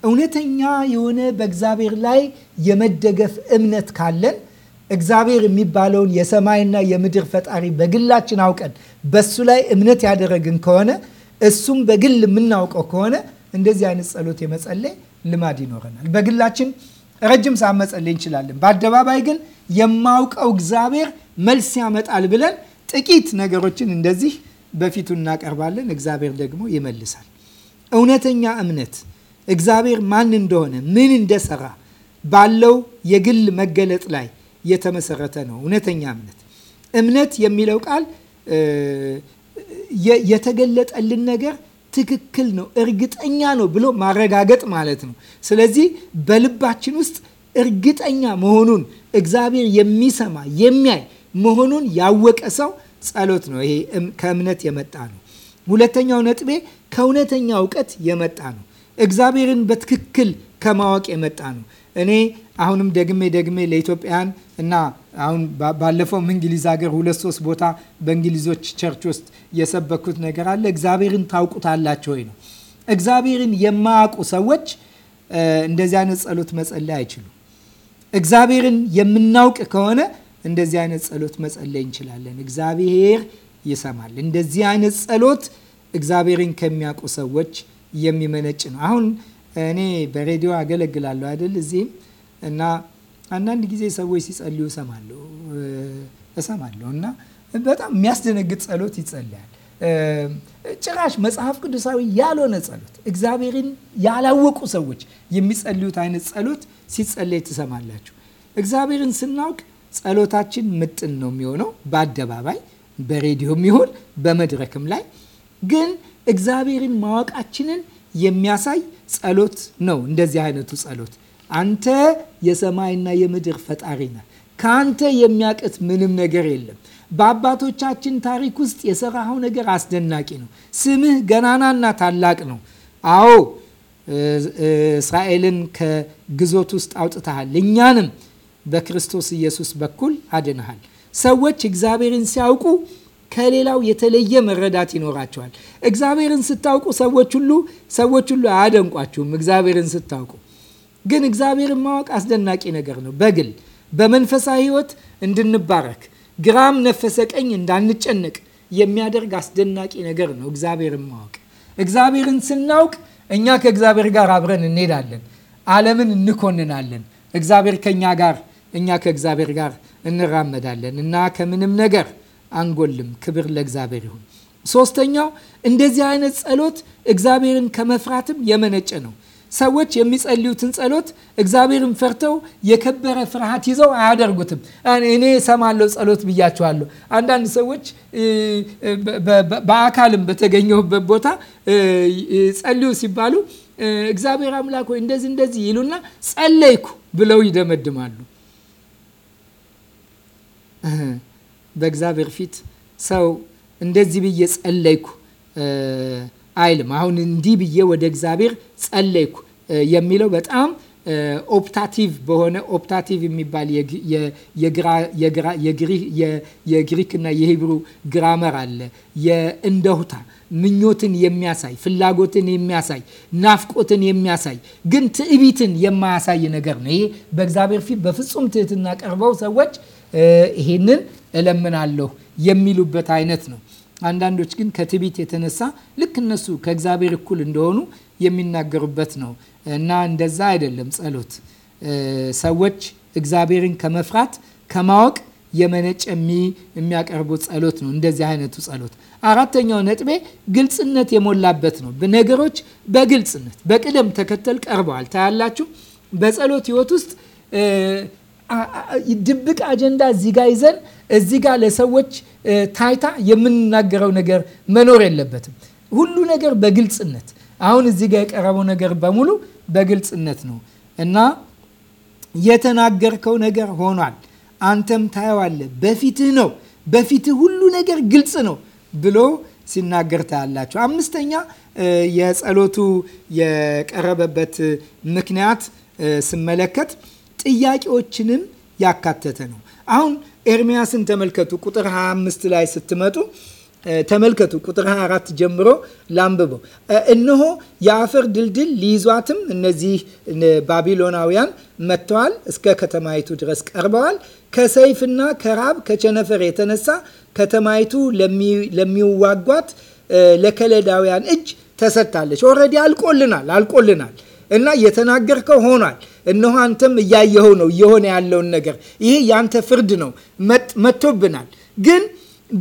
እውነተኛ የሆነ በእግዚአብሔር ላይ የመደገፍ እምነት ካለን እግዚአብሔር የሚባለውን የሰማይና የምድር ፈጣሪ በግላችን አውቀን በሱ ላይ እምነት ያደረግን ከሆነ እሱም በግል የምናውቀው ከሆነ እንደዚህ አይነት ጸሎት የመጸለይ ልማድ ይኖረናል። በግላችን ረጅም ሳመጸልይ እንችላለን። በአደባባይ ግን የማውቀው እግዚአብሔር መልስ ያመጣል ብለን ጥቂት ነገሮችን እንደዚህ በፊቱ እናቀርባለን። እግዚአብሔር ደግሞ ይመልሳል። እውነተኛ እምነት እግዚአብሔር ማን እንደሆነ ምን እንደሰራ ባለው የግል መገለጥ ላይ የተመሰረተ ነው። እውነተኛ እምነት እምነት የሚለው ቃል የተገለጠልን ነገር ትክክል ነው፣ እርግጠኛ ነው ብሎ ማረጋገጥ ማለት ነው። ስለዚህ በልባችን ውስጥ እርግጠኛ መሆኑን እግዚአብሔር የሚሰማ የሚያይ መሆኑን ያወቀ ሰው ጸሎት ነው። ይሄ ከእምነት የመጣ ነው። ሁለተኛው ነጥቤ ከእውነተኛ እውቀት የመጣ ነው። እግዚአብሔርን በትክክል ከማወቅ የመጣ ነው። እኔ አሁንም ደግሜ ደግሜ ለኢትዮጵያን እና አሁን ባለፈውም እንግሊዝ ሀገር ሁለት ሶስት ቦታ በእንግሊዞች ቸርች ውስጥ የሰበኩት ነገር አለ። እግዚአብሔርን ታውቁታላችሁ ወይ ነው። እግዚአብሔርን የማያውቁ ሰዎች እንደዚህ አይነት ጸሎት መጸለይ አይችሉም። እግዚአብሔርን የምናውቅ ከሆነ እንደዚህ አይነት ጸሎት መጸለይ እንችላለን። እግዚአብሔር ይሰማል። እንደዚህ አይነት ጸሎት እግዚአብሔርን ከሚያውቁ ሰዎች የሚመነጭ ነው። አሁን እኔ በሬዲዮ አገለግላለሁ አይደል? እዚህም እና አንዳንድ ጊዜ ሰዎች ሲጸልዩ እሰማለሁ እሰማለሁ እና በጣም የሚያስደነግጥ ጸሎት ይጸለያል ጭራሽ መጽሐፍ ቅዱሳዊ ያልሆነ ጸሎት፣ እግዚአብሔርን ያላወቁ ሰዎች የሚጸልዩት አይነት ጸሎት ሲጸለይ ትሰማላችሁ። እግዚአብሔርን ስናውቅ ጸሎታችን ምጥን ነው የሚሆነው በአደባባይ በሬዲዮም ይሁን በመድረክም ላይ ግን እግዚአብሔርን ማወቃችንን የሚያሳይ ጸሎት ነው። እንደዚህ አይነቱ ጸሎት አንተ የሰማይና የምድር ፈጣሪ ነህ፣ ከአንተ የሚያቅት ምንም ነገር የለም በአባቶቻችን ታሪክ ውስጥ የሰራኸው ነገር አስደናቂ ነው። ስምህ ገናናና ታላቅ ነው። አዎ እስራኤልን ከግዞት ውስጥ አውጥተሃል። እኛንም በክርስቶስ ኢየሱስ በኩል አድንሃል። ሰዎች እግዚአብሔርን ሲያውቁ ከሌላው የተለየ መረዳት ይኖራቸዋል። እግዚአብሔርን ስታውቁ ሰዎች ሁሉ ሰዎች ሁሉ አያደንቋችሁም። እግዚአብሔርን ስታውቁ ግን እግዚአብሔርን ማወቅ አስደናቂ ነገር ነው። በግል በመንፈሳዊ ሕይወት እንድንባረክ ግራም ነፈሰ ቀኝ እንዳንጨነቅ የሚያደርግ አስደናቂ ነገር ነው። እግዚአብሔርን ማወቅ እግዚአብሔርን ስናውቅ እኛ ከእግዚአብሔር ጋር አብረን እንሄዳለን። ዓለምን እንኮንናለን። እግዚአብሔር ከእኛ ጋር፣ እኛ ከእግዚአብሔር ጋር እንራመዳለን እና ከምንም ነገር አንጎልም። ክብር ለእግዚአብሔር ይሁን። ሶስተኛው እንደዚህ አይነት ጸሎት እግዚአብሔርን ከመፍራትም የመነጨ ነው። ሰዎች የሚጸልዩትን ጸሎት እግዚአብሔርን ፈርተው የከበረ ፍርሃት ይዘው አያደርጉትም። እኔ ሰማለው ጸሎት ብያቸዋለሁ። አንዳንድ ሰዎች በአካልም በተገኘሁበት ቦታ ጸልዩ ሲባሉ እግዚአብሔር አምላክ ሆይ እንደዚህ እንደዚህ ይሉና ጸለይኩ ብለው ይደመድማሉ። በእግዚአብሔር ፊት ሰው እንደዚህ ብዬ ጸለይኩ አይልም። አሁን እንዲህ ብዬ ወደ እግዚአብሔር ጸለይኩ የሚለው በጣም ኦፕታቲቭ በሆነ ኦፕታቲቭ የሚባል የግሪክና የሂብሩ ግራመር አለ። የእንደሁታ ምኞትን የሚያሳይ ፍላጎትን የሚያሳይ ናፍቆትን የሚያሳይ ግን ትዕቢትን የማያሳይ ነገር ነው። ይሄ በእግዚአብሔር ፊት በፍጹም ትህትና ቀርበው ሰዎች ይሄንን እለምናለሁ የሚሉበት አይነት ነው። አንዳንዶች ግን ከትዕቢት የተነሳ ልክ እነሱ ከእግዚአብሔር እኩል እንደሆኑ የሚናገሩበት ነው እና እንደዛ አይደለም ጸሎት። ሰዎች እግዚአብሔርን ከመፍራት ከማወቅ የመነጨ የሚያቀርቡት ጸሎት ነው። እንደዚህ አይነቱ ጸሎት። አራተኛው ነጥቤ ግልጽነት የሞላበት ነው። ነገሮች በግልጽነት በቅደም ተከተል ቀርበዋል። ታያላችሁ። በጸሎት ህይወት ውስጥ ድብቅ አጀንዳ እዚህ ጋር ይዘን እዚህ ጋር ለሰዎች ታይታ የምንናገረው ነገር መኖር የለበትም። ሁሉ ነገር በግልጽነት አሁን እዚህ ጋር የቀረበው ነገር በሙሉ በግልጽነት ነው እና የተናገርከው ነገር ሆኗል፣ አንተም ታየዋለህ፣ በፊትህ ነው፣ በፊትህ ሁሉ ነገር ግልጽ ነው ብሎ ሲናገር ታያላችሁ። አምስተኛ የጸሎቱ የቀረበበት ምክንያት ስመለከት ጥያቄዎችንም ያካተተ ነው። አሁን ኤርሚያስን ተመልከቱ። ቁጥር 25 ላይ ስትመጡ ተመልከቱ፣ ቁጥር 24 ጀምሮ ላንብቦ። እነሆ የአፈር ድልድል ሊይዟትም እነዚህ ባቢሎናውያን መጥተዋል፣ እስከ ከተማይቱ ድረስ ቀርበዋል። ከሰይፍና ከራብ ከቸነፈር የተነሳ ከተማይቱ ለሚዋጓት ለከለዳውያን እጅ ተሰጥታለች። ኦልሬዲ አልቆልናል አልቆልናል እና የተናገርከው ሆኗል። እነሆ አንተም እያየኸው ነው እየሆነ ያለውን ነገር። ይህ ያንተ ፍርድ ነው መጥቶብናል። ግን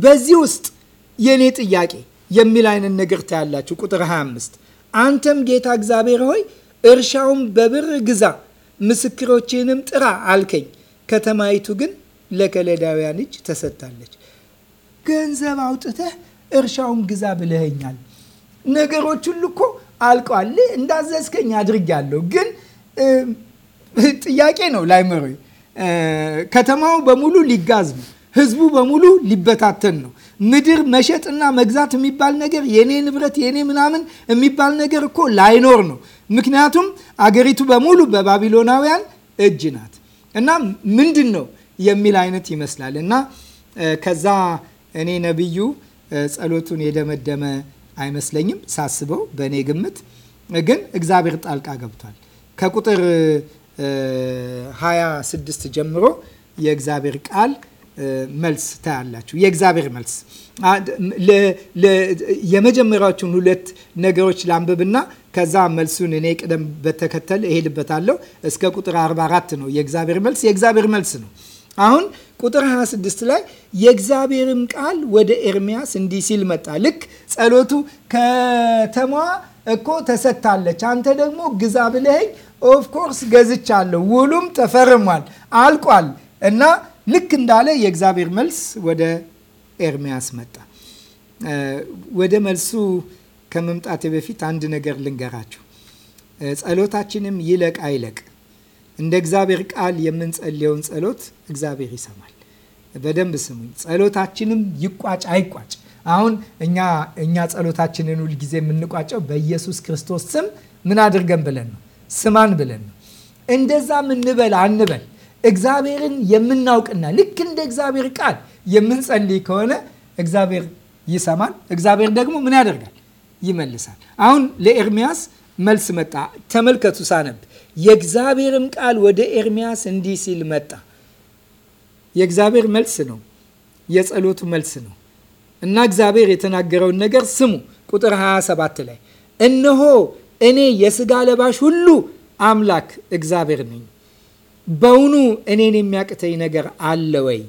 በዚህ ውስጥ የእኔ ጥያቄ የሚል አይነት ነገር ታያላችሁ። ቁጥር 25 አንተም ጌታ እግዚአብሔር ሆይ እርሻውን በብር ግዛ፣ ምስክሮችንም ጥራ አልከኝ። ከተማይቱ ግን ለከለዳውያን እጅ ተሰጥታለች። ገንዘብ አውጥተህ እርሻውን ግዛ ብለኸኛል። ነገሮች ሁሉ እኮ አልቀዋል። እንዳዘዝከኝ አድርጌያለሁ። ግን ጥያቄ ነው ላይመሪ ከተማው በሙሉ ሊጋዝ ነው። ህዝቡ በሙሉ ሊበታተን ነው። ምድር መሸጥና መግዛት የሚባል ነገር የኔ ንብረት የኔ ምናምን የሚባል ነገር እኮ ላይኖር ነው። ምክንያቱም አገሪቱ በሙሉ በባቢሎናውያን እጅ ናት እና ምንድን ነው የሚል አይነት ይመስላል እና ከዛ እኔ ነቢዩ ጸሎቱን የደመደመ አይመስለኝም ሳስበው፣ በእኔ ግምት ግን እግዚአብሔር ጣልቃ ገብቷል። ከቁጥር 26 ጀምሮ የእግዚአብሔር ቃል መልስ ታያላችሁ። የእግዚአብሔር መልስ የመጀመሪያዎቹን ሁለት ነገሮች ላንብብና ከዛ መልሱን እኔ ቅደም በተከተል እሄድበታለሁ። እስከ ቁጥር 44 ነው የእግዚአብሔር መልስ። የእግዚአብሔር መልስ ነው። አሁን ቁጥር 26 ላይ የእግዚአብሔርም ቃል ወደ ኤርሚያስ እንዲህ ሲል መጣ። ልክ ጸሎቱ ከተማዋ እኮ ተሰጥታለች፣ አንተ ደግሞ ግዛ ብለኸኝ ኦፍኮርስ ገዝቻለሁ፣ ውሉም ተፈርሟል፣ አልቋል እና ልክ እንዳለ የእግዚአብሔር መልስ ወደ ኤርሚያስ መጣ። ወደ መልሱ ከመምጣቴ በፊት አንድ ነገር ልንገራችሁ። ጸሎታችንም ይለቅ አይለቅ እንደ እግዚአብሔር ቃል የምንጸልየውን ጸሎት እግዚአብሔር ይሰማል። በደንብ ስሙኝ። ጸሎታችንም ይቋጭ አይቋጭ። አሁን እኛ እኛ ጸሎታችንን ሁልጊዜ የምንቋጨው በኢየሱስ ክርስቶስ ስም ምን አድርገን ብለን ነው፣ ስማን ብለን ነው። እንደዛ ምንበል አንበል እግዚአብሔርን የምናውቅና ልክ እንደ እግዚአብሔር ቃል የምንጸልይ ከሆነ እግዚአብሔር ይሰማል። እግዚአብሔር ደግሞ ምን ያደርጋል? ይመልሳል። አሁን ለኤርሚያስ መልስ መጣ። ተመልከቱ ሳነብ የእግዚአብሔርም ቃል ወደ ኤርሚያስ እንዲህ ሲል መጣ። የእግዚአብሔር መልስ ነው፣ የጸሎቱ መልስ ነው እና እግዚአብሔር የተናገረውን ነገር ስሙ። ቁጥር 27 ላይ እነሆ እኔ የስጋ ለባሽ ሁሉ አምላክ እግዚአብሔር ነኝ በውኑ እኔን የሚያቅተኝ ነገር አለ ወይ?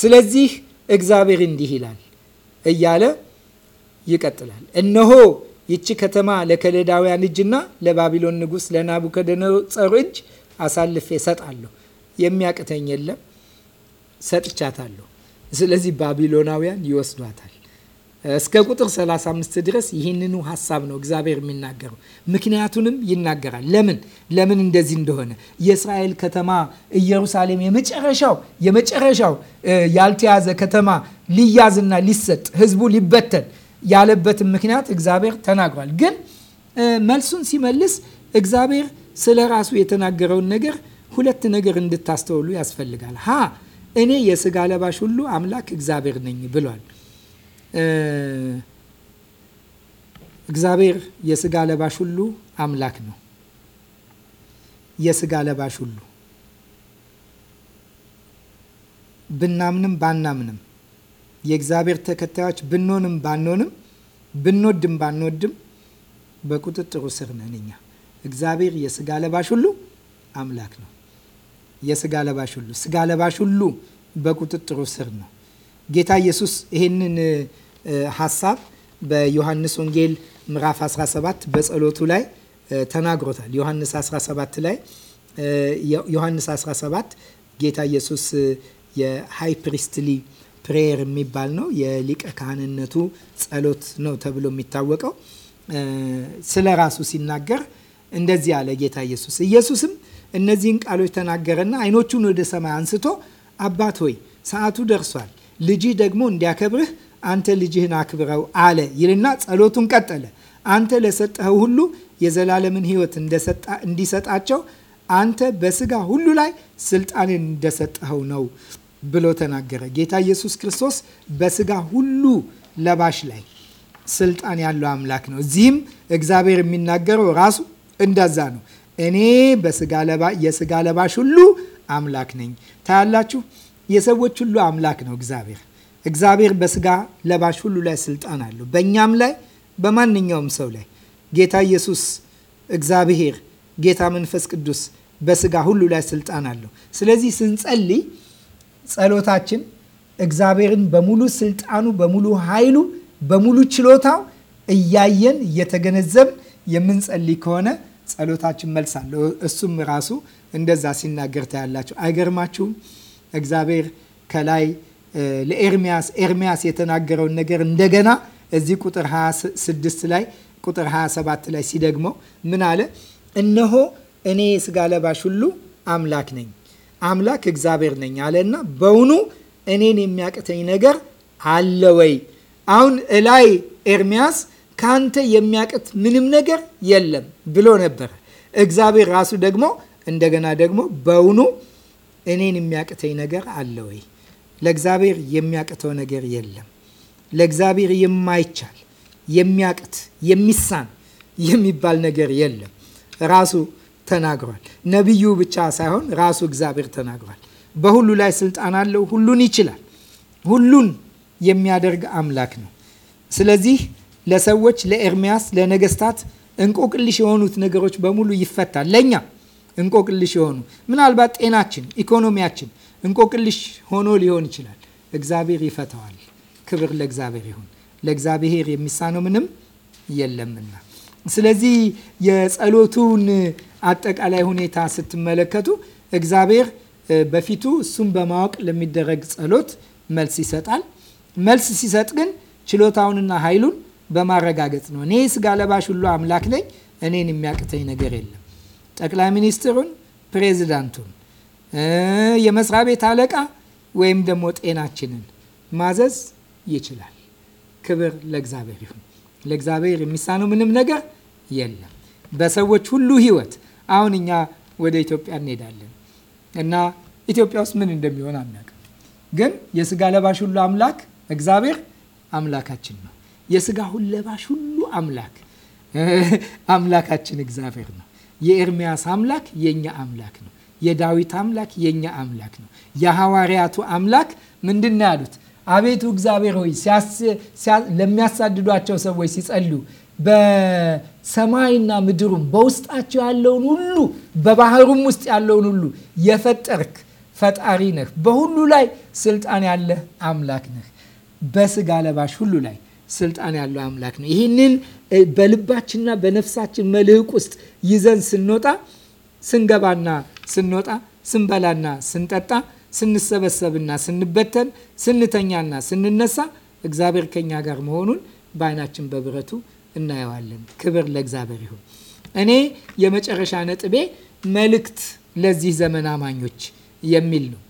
ስለዚህ እግዚአብሔር እንዲህ ይላል እያለ ይቀጥላል። እነሆ ይቺ ከተማ ለከለዳውያን እጅና ለባቢሎን ንጉሥ ለናቡከደነጾር እጅ አሳልፌ እሰጣለሁ። የሚያቅተኝ የለም፣ ሰጥቻታለሁ። ስለዚህ ባቢሎናውያን ይወስዷታል። እስከ ቁጥር 35 ድረስ ይህንኑ ሀሳብ ነው እግዚአብሔር የሚናገረው። ምክንያቱንም ይናገራል። ለምን ለምን እንደዚህ እንደሆነ የእስራኤል ከተማ ኢየሩሳሌም የመጨረሻው የመጨረሻው ያልተያዘ ከተማ ሊያዝና ሊሰጥ ህዝቡ ሊበተን ያለበትን ምክንያት እግዚአብሔር ተናግሯል። ግን መልሱን ሲመልስ እግዚአብሔር ስለ ራሱ የተናገረውን ነገር ሁለት ነገር እንድታስተውሉ ያስፈልጋል። ሀ እኔ የስጋ ለባሽ ሁሉ አምላክ እግዚአብሔር ነኝ ብሏል። እግዚአብሔር የስጋ ለባሽ ሁሉ አምላክ ነው። የስጋ ለባሽ ሁሉ ብናምንም ባናምንም የእግዚአብሔር ተከታዮች ብንሆንም ባንሆንም ብንወድም ባንወድም በቁጥጥሩ ስር ነን እኛ። እግዚአብሔር የስጋ ለባሽ ሁሉ አምላክ ነው። የስጋ ለባሽ ሁሉ ስጋ ለባሽ ሁሉ በቁጥጥሩ ስር ነው። ጌታ ኢየሱስ ይህንን ሀሳብ በዮሐንስ ወንጌል ምዕራፍ 17 በጸሎቱ ላይ ተናግሮታል። ዮሐንስ 17 ላይ ዮሐንስ 17 ጌታ ኢየሱስ የሃይ ፕሪስትሊ ፕሬየር የሚባል ነው የሊቀ ካህንነቱ ጸሎት ነው ተብሎ የሚታወቀው። ስለ ራሱ ሲናገር እንደዚህ አለ ጌታ ኢየሱስ። ኢየሱስም እነዚህን ቃሎች ተናገረና አይኖቹን ወደ ሰማይ አንስቶ አባት ሆይ ሰዓቱ ደርሷል ልጅህ ደግሞ እንዲያከብርህ አንተ ልጅህን አክብረው አለ ይልና ጸሎቱን ቀጠለ። አንተ ለሰጠኸው ሁሉ የዘላለምን ሕይወት እንዲሰጣቸው አንተ በስጋ ሁሉ ላይ ስልጣንን እንደሰጠኸው ነው ብሎ ተናገረ። ጌታ ኢየሱስ ክርስቶስ በስጋ ሁሉ ለባሽ ላይ ስልጣን ያለው አምላክ ነው። እዚህም እግዚአብሔር የሚናገረው ራሱ እንደዛ ነው። እኔ በስጋ የስጋ ለባሽ ሁሉ አምላክ ነኝ። ታያላችሁ። የሰዎች ሁሉ አምላክ ነው እግዚአብሔር። እግዚአብሔር በስጋ ለባሽ ሁሉ ላይ ስልጣን አለው፣ በእኛም ላይ በማንኛውም ሰው ላይ ጌታ ኢየሱስ እግዚአብሔር ጌታ መንፈስ ቅዱስ በስጋ ሁሉ ላይ ስልጣን አለው። ስለዚህ ስንጸልይ ጸሎታችን እግዚአብሔርን በሙሉ ስልጣኑ፣ በሙሉ ኃይሉ፣ በሙሉ ችሎታው እያየን እየተገነዘብን የምንጸልይ ከሆነ ጸሎታችን መልስ አለው። እሱም ራሱ እንደዛ ሲናገር ታያላችሁ። አይገርማችሁም? እግዚአብሔር ከላይ ለኤርሚያስ ኤርሚያስ የተናገረውን ነገር እንደገና እዚህ ቁጥር 26 ላይ ቁጥር 27 ላይ ሲደግመው ምን አለ? እነሆ እኔ ስጋ ለባሽ ሁሉ አምላክ ነኝ፣ አምላክ እግዚአብሔር ነኝ አለ እና በውኑ እኔን የሚያቅተኝ ነገር አለ ወይ? አሁን እላይ ኤርሚያስ ከአንተ የሚያቅት ምንም ነገር የለም ብሎ ነበር። እግዚአብሔር ራሱ ደግሞ እንደገና ደግሞ በውኑ እኔን የሚያቅተኝ ነገር አለ ወይ? ለእግዚአብሔር የሚያቅተው ነገር የለም። ለእግዚአብሔር የማይቻል የሚያቅት የሚሳን የሚባል ነገር የለም። ራሱ ተናግሯል። ነቢዩ ብቻ ሳይሆን ራሱ እግዚአብሔር ተናግሯል። በሁሉ ላይ ስልጣን አለው። ሁሉን ይችላል። ሁሉን የሚያደርግ አምላክ ነው። ስለዚህ ለሰዎች ለኤርሚያስ፣ ለነገስታት እንቆቅልሽ የሆኑት ነገሮች በሙሉ ይፈታል ለእኛ እንቆቅልሽ የሆኑ ምናልባት ጤናችን፣ ኢኮኖሚያችን እንቆቅልሽ ሆኖ ሊሆን ይችላል። እግዚአብሔር ይፈተዋል። ክብር ለእግዚአብሔር ይሁን። ለእግዚአብሔር የሚሳነው ምንም የለምና። ስለዚህ የጸሎቱን አጠቃላይ ሁኔታ ስትመለከቱ እግዚአብሔር በፊቱ እሱን በማወቅ ለሚደረግ ጸሎት መልስ ይሰጣል። መልስ ሲሰጥ ግን ችሎታውንና ኃይሉን በማረጋገጥ ነው። እኔ ስጋ ለባሽ ሁሉ አምላክ ነኝ፣ እኔን የሚያቅተኝ ነገር የለም። ጠቅላይ ሚኒስትሩን፣ ፕሬዚዳንቱን፣ የመስሪያ ቤት አለቃ ወይም ደግሞ ጤናችንን ማዘዝ ይችላል። ክብር ለእግዚአብሔር ይሁን። ለእግዚአብሔር የሚሳነው ምንም ነገር የለም። በሰዎች ሁሉ ህይወት አሁን እኛ ወደ ኢትዮጵያ እንሄዳለን እና ኢትዮጵያ ውስጥ ምን እንደሚሆን አናውቅም። ግን የስጋ ለባሽ ሁሉ አምላክ እግዚአብሔር አምላካችን ነው። የስጋ ሁሉ ለባሽ ሁሉ አምላክ አምላካችን እግዚአብሔር ነው። የኤርሚያስ አምላክ የእኛ አምላክ ነው። የዳዊት አምላክ የእኛ አምላክ ነው። የሐዋርያቱ አምላክ ምንድን ነው ያሉት? አቤቱ እግዚአብሔር ሆይ ለሚያሳድዷቸው ሰዎች ሲጸልዩ በሰማይና ምድሩም በውስጣቸው ያለውን ሁሉ በባህሩም ውስጥ ያለውን ሁሉ የፈጠርክ ፈጣሪ ነህ። በሁሉ ላይ ስልጣን ያለህ አምላክ ነህ። በስጋ ለባሽ ሁሉ ላይ ስልጣን ያለው አምላክ ነው። ይህንን በልባችንና በነፍሳችን መልህቅ ውስጥ ይዘን ስንወጣ ስንገባና ስንወጣ ስንበላና ስንጠጣ ስንሰበሰብና ስንበተን ስንተኛና ስንነሳ እግዚአብሔር ከኛ ጋር መሆኑን በአይናችን በብረቱ እናየዋለን። ክብር ለእግዚአብሔር ይሁን። እኔ የመጨረሻ ነጥቤ መልእክት ለዚህ ዘመን አማኞች የሚል ነው።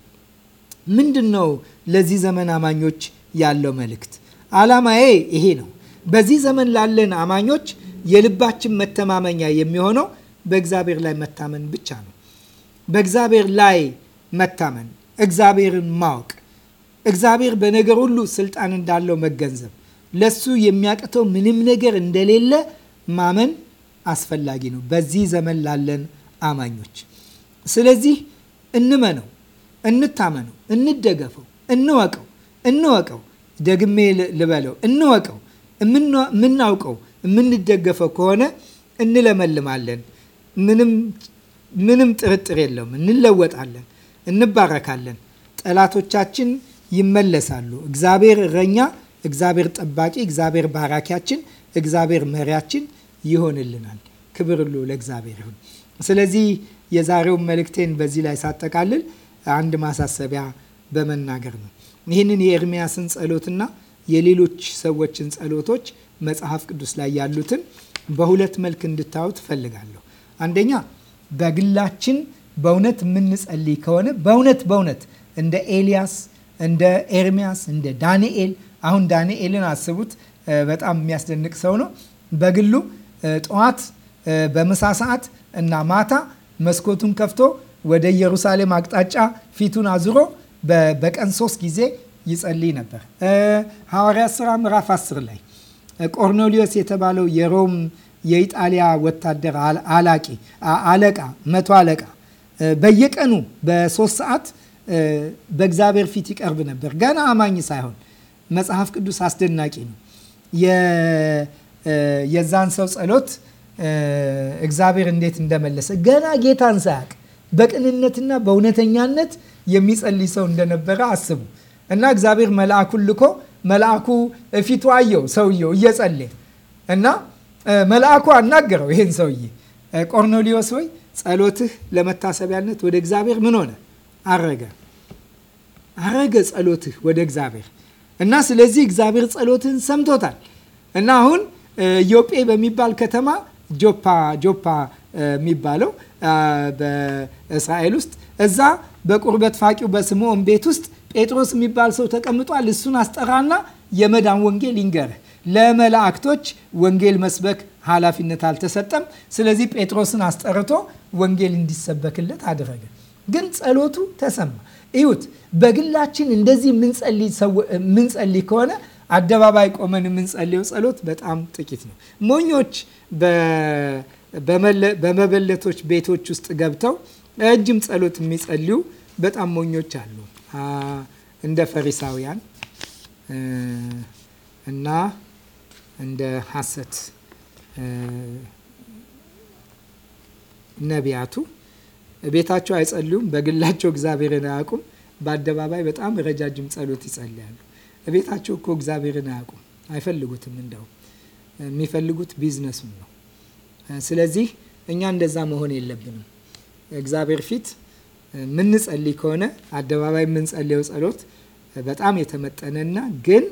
ምንድን ነው ለዚህ ዘመን አማኞች ያለው መልእክት? ዓላማዬ ይሄ ነው። በዚህ ዘመን ላለን አማኞች የልባችን መተማመኛ የሚሆነው በእግዚአብሔር ላይ መታመን ብቻ ነው። በእግዚአብሔር ላይ መታመን፣ እግዚአብሔርን ማወቅ፣ እግዚአብሔር በነገር ሁሉ ስልጣን እንዳለው መገንዘብ፣ ለሱ የሚያቅተው ምንም ነገር እንደሌለ ማመን አስፈላጊ ነው በዚህ ዘመን ላለን አማኞች። ስለዚህ እንመነው፣ እንታመነው፣ እንደገፈው፣ እንወቀው፣ እንወቀው ደግሜ ልበለው እንወቀው። የምናውቀው የምንደገፈው ከሆነ እንለመልማለን። ምንም ጥርጥር የለውም። እንለወጣለን፣ እንባረካለን። ጠላቶቻችን ይመለሳሉ። እግዚአብሔር እረኛ፣ እግዚአብሔር ጠባቂ፣ እግዚአብሔር ባራኪያችን፣ እግዚአብሔር መሪያችን ይሆንልናል። ክብር ሁሉ ለእግዚአብሔር ይሁን። ስለዚህ የዛሬውን መልእክቴን በዚህ ላይ ሳጠቃልል አንድ ማሳሰቢያ በመናገር ነው። ይህንን የኤርሚያስን ጸሎትና የሌሎች ሰዎችን ጸሎቶች መጽሐፍ ቅዱስ ላይ ያሉትን በሁለት መልክ እንድታዩ ትፈልጋለሁ። አንደኛ በግላችን በእውነት የምንጸልይ ከሆነ በእውነት በእውነት እንደ ኤልያስ፣ እንደ ኤርሚያስ፣ እንደ ዳንኤል አሁን ዳንኤልን አስቡት። በጣም የሚያስደንቅ ሰው ነው። በግሉ ጠዋት በምሳ ሰዓት እና ማታ መስኮቱን ከፍቶ ወደ ኢየሩሳሌም አቅጣጫ ፊቱን አዙሮ በቀን ሶስት ጊዜ ይጸልይ ነበር። ሐዋርያ ስራ ምዕራፍ 10 ላይ ቆርኔሊዮስ የተባለው የሮም የኢጣሊያ ወታደር አላቂ አለቃ መቶ አለቃ በየቀኑ በሶስት ሰዓት በእግዚአብሔር ፊት ይቀርብ ነበር። ገና አማኝ ሳይሆን መጽሐፍ ቅዱስ አስደናቂ ነው። የዛን ሰው ጸሎት እግዚአብሔር እንዴት እንደመለሰ ገና ጌታን ሳያውቅ በቅንነትና በእውነተኛነት የሚጸልይ ሰው እንደነበረ አስቡ እና እግዚአብሔር መልአኩን ልኮ መልአኩ ፊቱ አየው ሰውየው እየጸለየ እና መልአኩ አናገረው ይህን ሰውዬ ቆርኔሊዮስ ወይ ጸሎትህ ለመታሰቢያነት ወደ እግዚአብሔር ምን ሆነ አረገ አረገ ጸሎትህ ወደ እግዚአብሔር እና ስለዚህ እግዚአብሔር ጸሎትህን ሰምቶታል እና አሁን ኢዮጴ በሚባል ከተማ ጆፓ ጆፓ የሚባለው በእስራኤል ውስጥ እዛ በቁርበት ፋቂው በስምዖን ቤት ውስጥ ጴጥሮስ የሚባል ሰው ተቀምጧል። እሱን አስጠራና የመዳን ወንጌል ይንገርህ። ለመላእክቶች ወንጌል መስበክ ኃላፊነት አልተሰጠም። ስለዚህ ጴጥሮስን አስጠርቶ ወንጌል እንዲሰበክለት አደረገ። ግን ጸሎቱ ተሰማ። እዩት። በግላችን እንደዚህ ምንጸልይ ከሆነ አደባባይ ቆመን የምንጸልየው ጸሎት በጣም ጥቂት ነው። ሞኞች በመበለቶች ቤቶች ውስጥ ገብተው ረጅም ጸሎት የሚጸልዩ በጣም ሞኞች አሉ፣ እንደ ፈሪሳውያን እና እንደ ሐሰት ነቢያቱ ቤታቸው አይጸልዩም፣ በግላቸው እግዚአብሔርን አያውቁም። በአደባባይ በጣም ረጃጅም ጸሎት ይጸልያሉ። ቤታቸው እኮ እግዚአብሔርን አያውቁም፣ አይፈልጉትም። እንደው የሚፈልጉት ቢዝነሱን ነው ስለዚህ እኛ እንደዛ መሆን የለብንም። እግዚአብሔር ፊት ምንጸልይ ከሆነ አደባባይ የምንጸልየው ጸሎት በጣም የተመጠነና ግን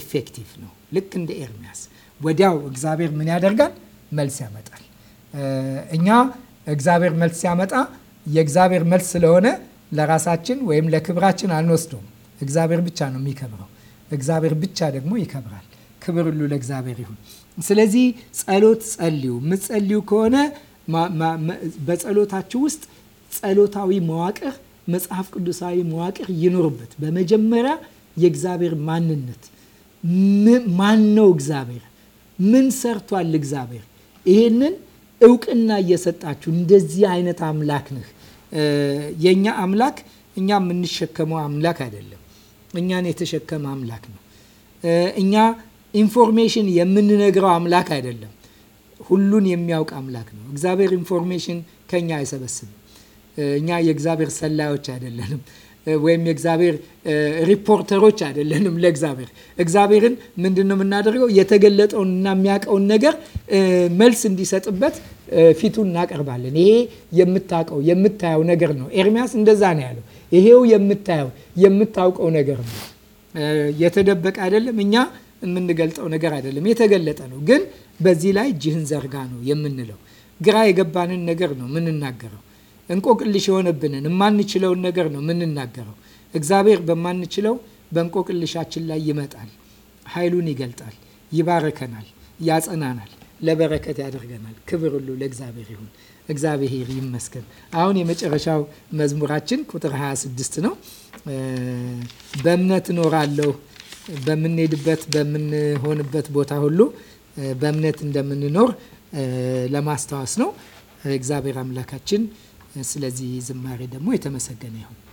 ኢፌክቲቭ ነው። ልክ እንደ ኤርሚያስ ወዲያው እግዚአብሔር ምን ያደርጋል? መልስ ያመጣል። እኛ እግዚአብሔር መልስ ሲያመጣ የእግዚአብሔር መልስ ስለሆነ ለራሳችን ወይም ለክብራችን አንወስደውም። እግዚአብሔር ብቻ ነው የሚከብረው። እግዚአብሔር ብቻ ደግሞ ይከብራል። ክብር ሁሉ ለእግዚአብሔር ይሁን። ስለዚህ ጸሎት ጸልዩ። ምጸልዩ ከሆነ በጸሎታችሁ ውስጥ ጸሎታዊ መዋቅር፣ መጽሐፍ ቅዱሳዊ መዋቅር ይኖርበት። በመጀመሪያ የእግዚአብሔር ማንነት ማን ነው? እግዚአብሔር ምን ሰርቷል? እግዚአብሔር ይሄንን እውቅና እየሰጣችሁ እንደዚህ አይነት አምላክ ነህ። የእኛ አምላክ እኛ የምንሸከመው አምላክ አይደለም። እኛን የተሸከመ አምላክ ነው። እኛ ኢንፎርሜሽን የምንነግረው አምላክ አይደለም። ሁሉን የሚያውቅ አምላክ ነው። እግዚአብሔር ኢንፎርሜሽን ከኛ አይሰበስብም። እኛ የእግዚአብሔር ሰላዮች አይደለንም፣ ወይም የእግዚአብሔር ሪፖርተሮች አይደለንም። ለእግዚአብሔር እግዚአብሔርን ምንድን ነው የምናደርገው? የተገለጠውንና የሚያውቀውን ነገር መልስ እንዲሰጥበት ፊቱን እናቀርባለን። ይሄ የምታውቀው የምታየው ነገር ነው። ኤርሚያስ እንደዛ ነው ያለው። ይሄው የምታየው የምታውቀው ነገር ነው፣ የተደበቀ አይደለም። እኛ የምንገልጠው ነገር አይደለም፣ የተገለጠ ነው። ግን በዚህ ላይ እጅህን ዘርጋ ነው የምንለው። ግራ የገባንን ነገር ነው የምንናገረው። እንቆቅልሽ የሆነብንን የማንችለውን ነገር ነው የምንናገረው። እግዚአብሔር በማንችለው በእንቆቅልሻችን ላይ ይመጣል፣ ኃይሉን ይገልጣል፣ ይባረከናል፣ ያጸናናል፣ ለበረከት ያደርገናል። ክብር ሁሉ ለእግዚአብሔር ይሁን። እግዚአብሔር ይመስገን። አሁን የመጨረሻው መዝሙራችን ቁጥር 26 ነው። በእምነት እኖራለሁ በምንሄድበት በምንሆንበት ቦታ ሁሉ በእምነት እንደምንኖር ለማስታወስ ነው። እግዚአብሔር አምላካችን ስለዚህ ዝማሬ ደግሞ የተመሰገነ ይሁን።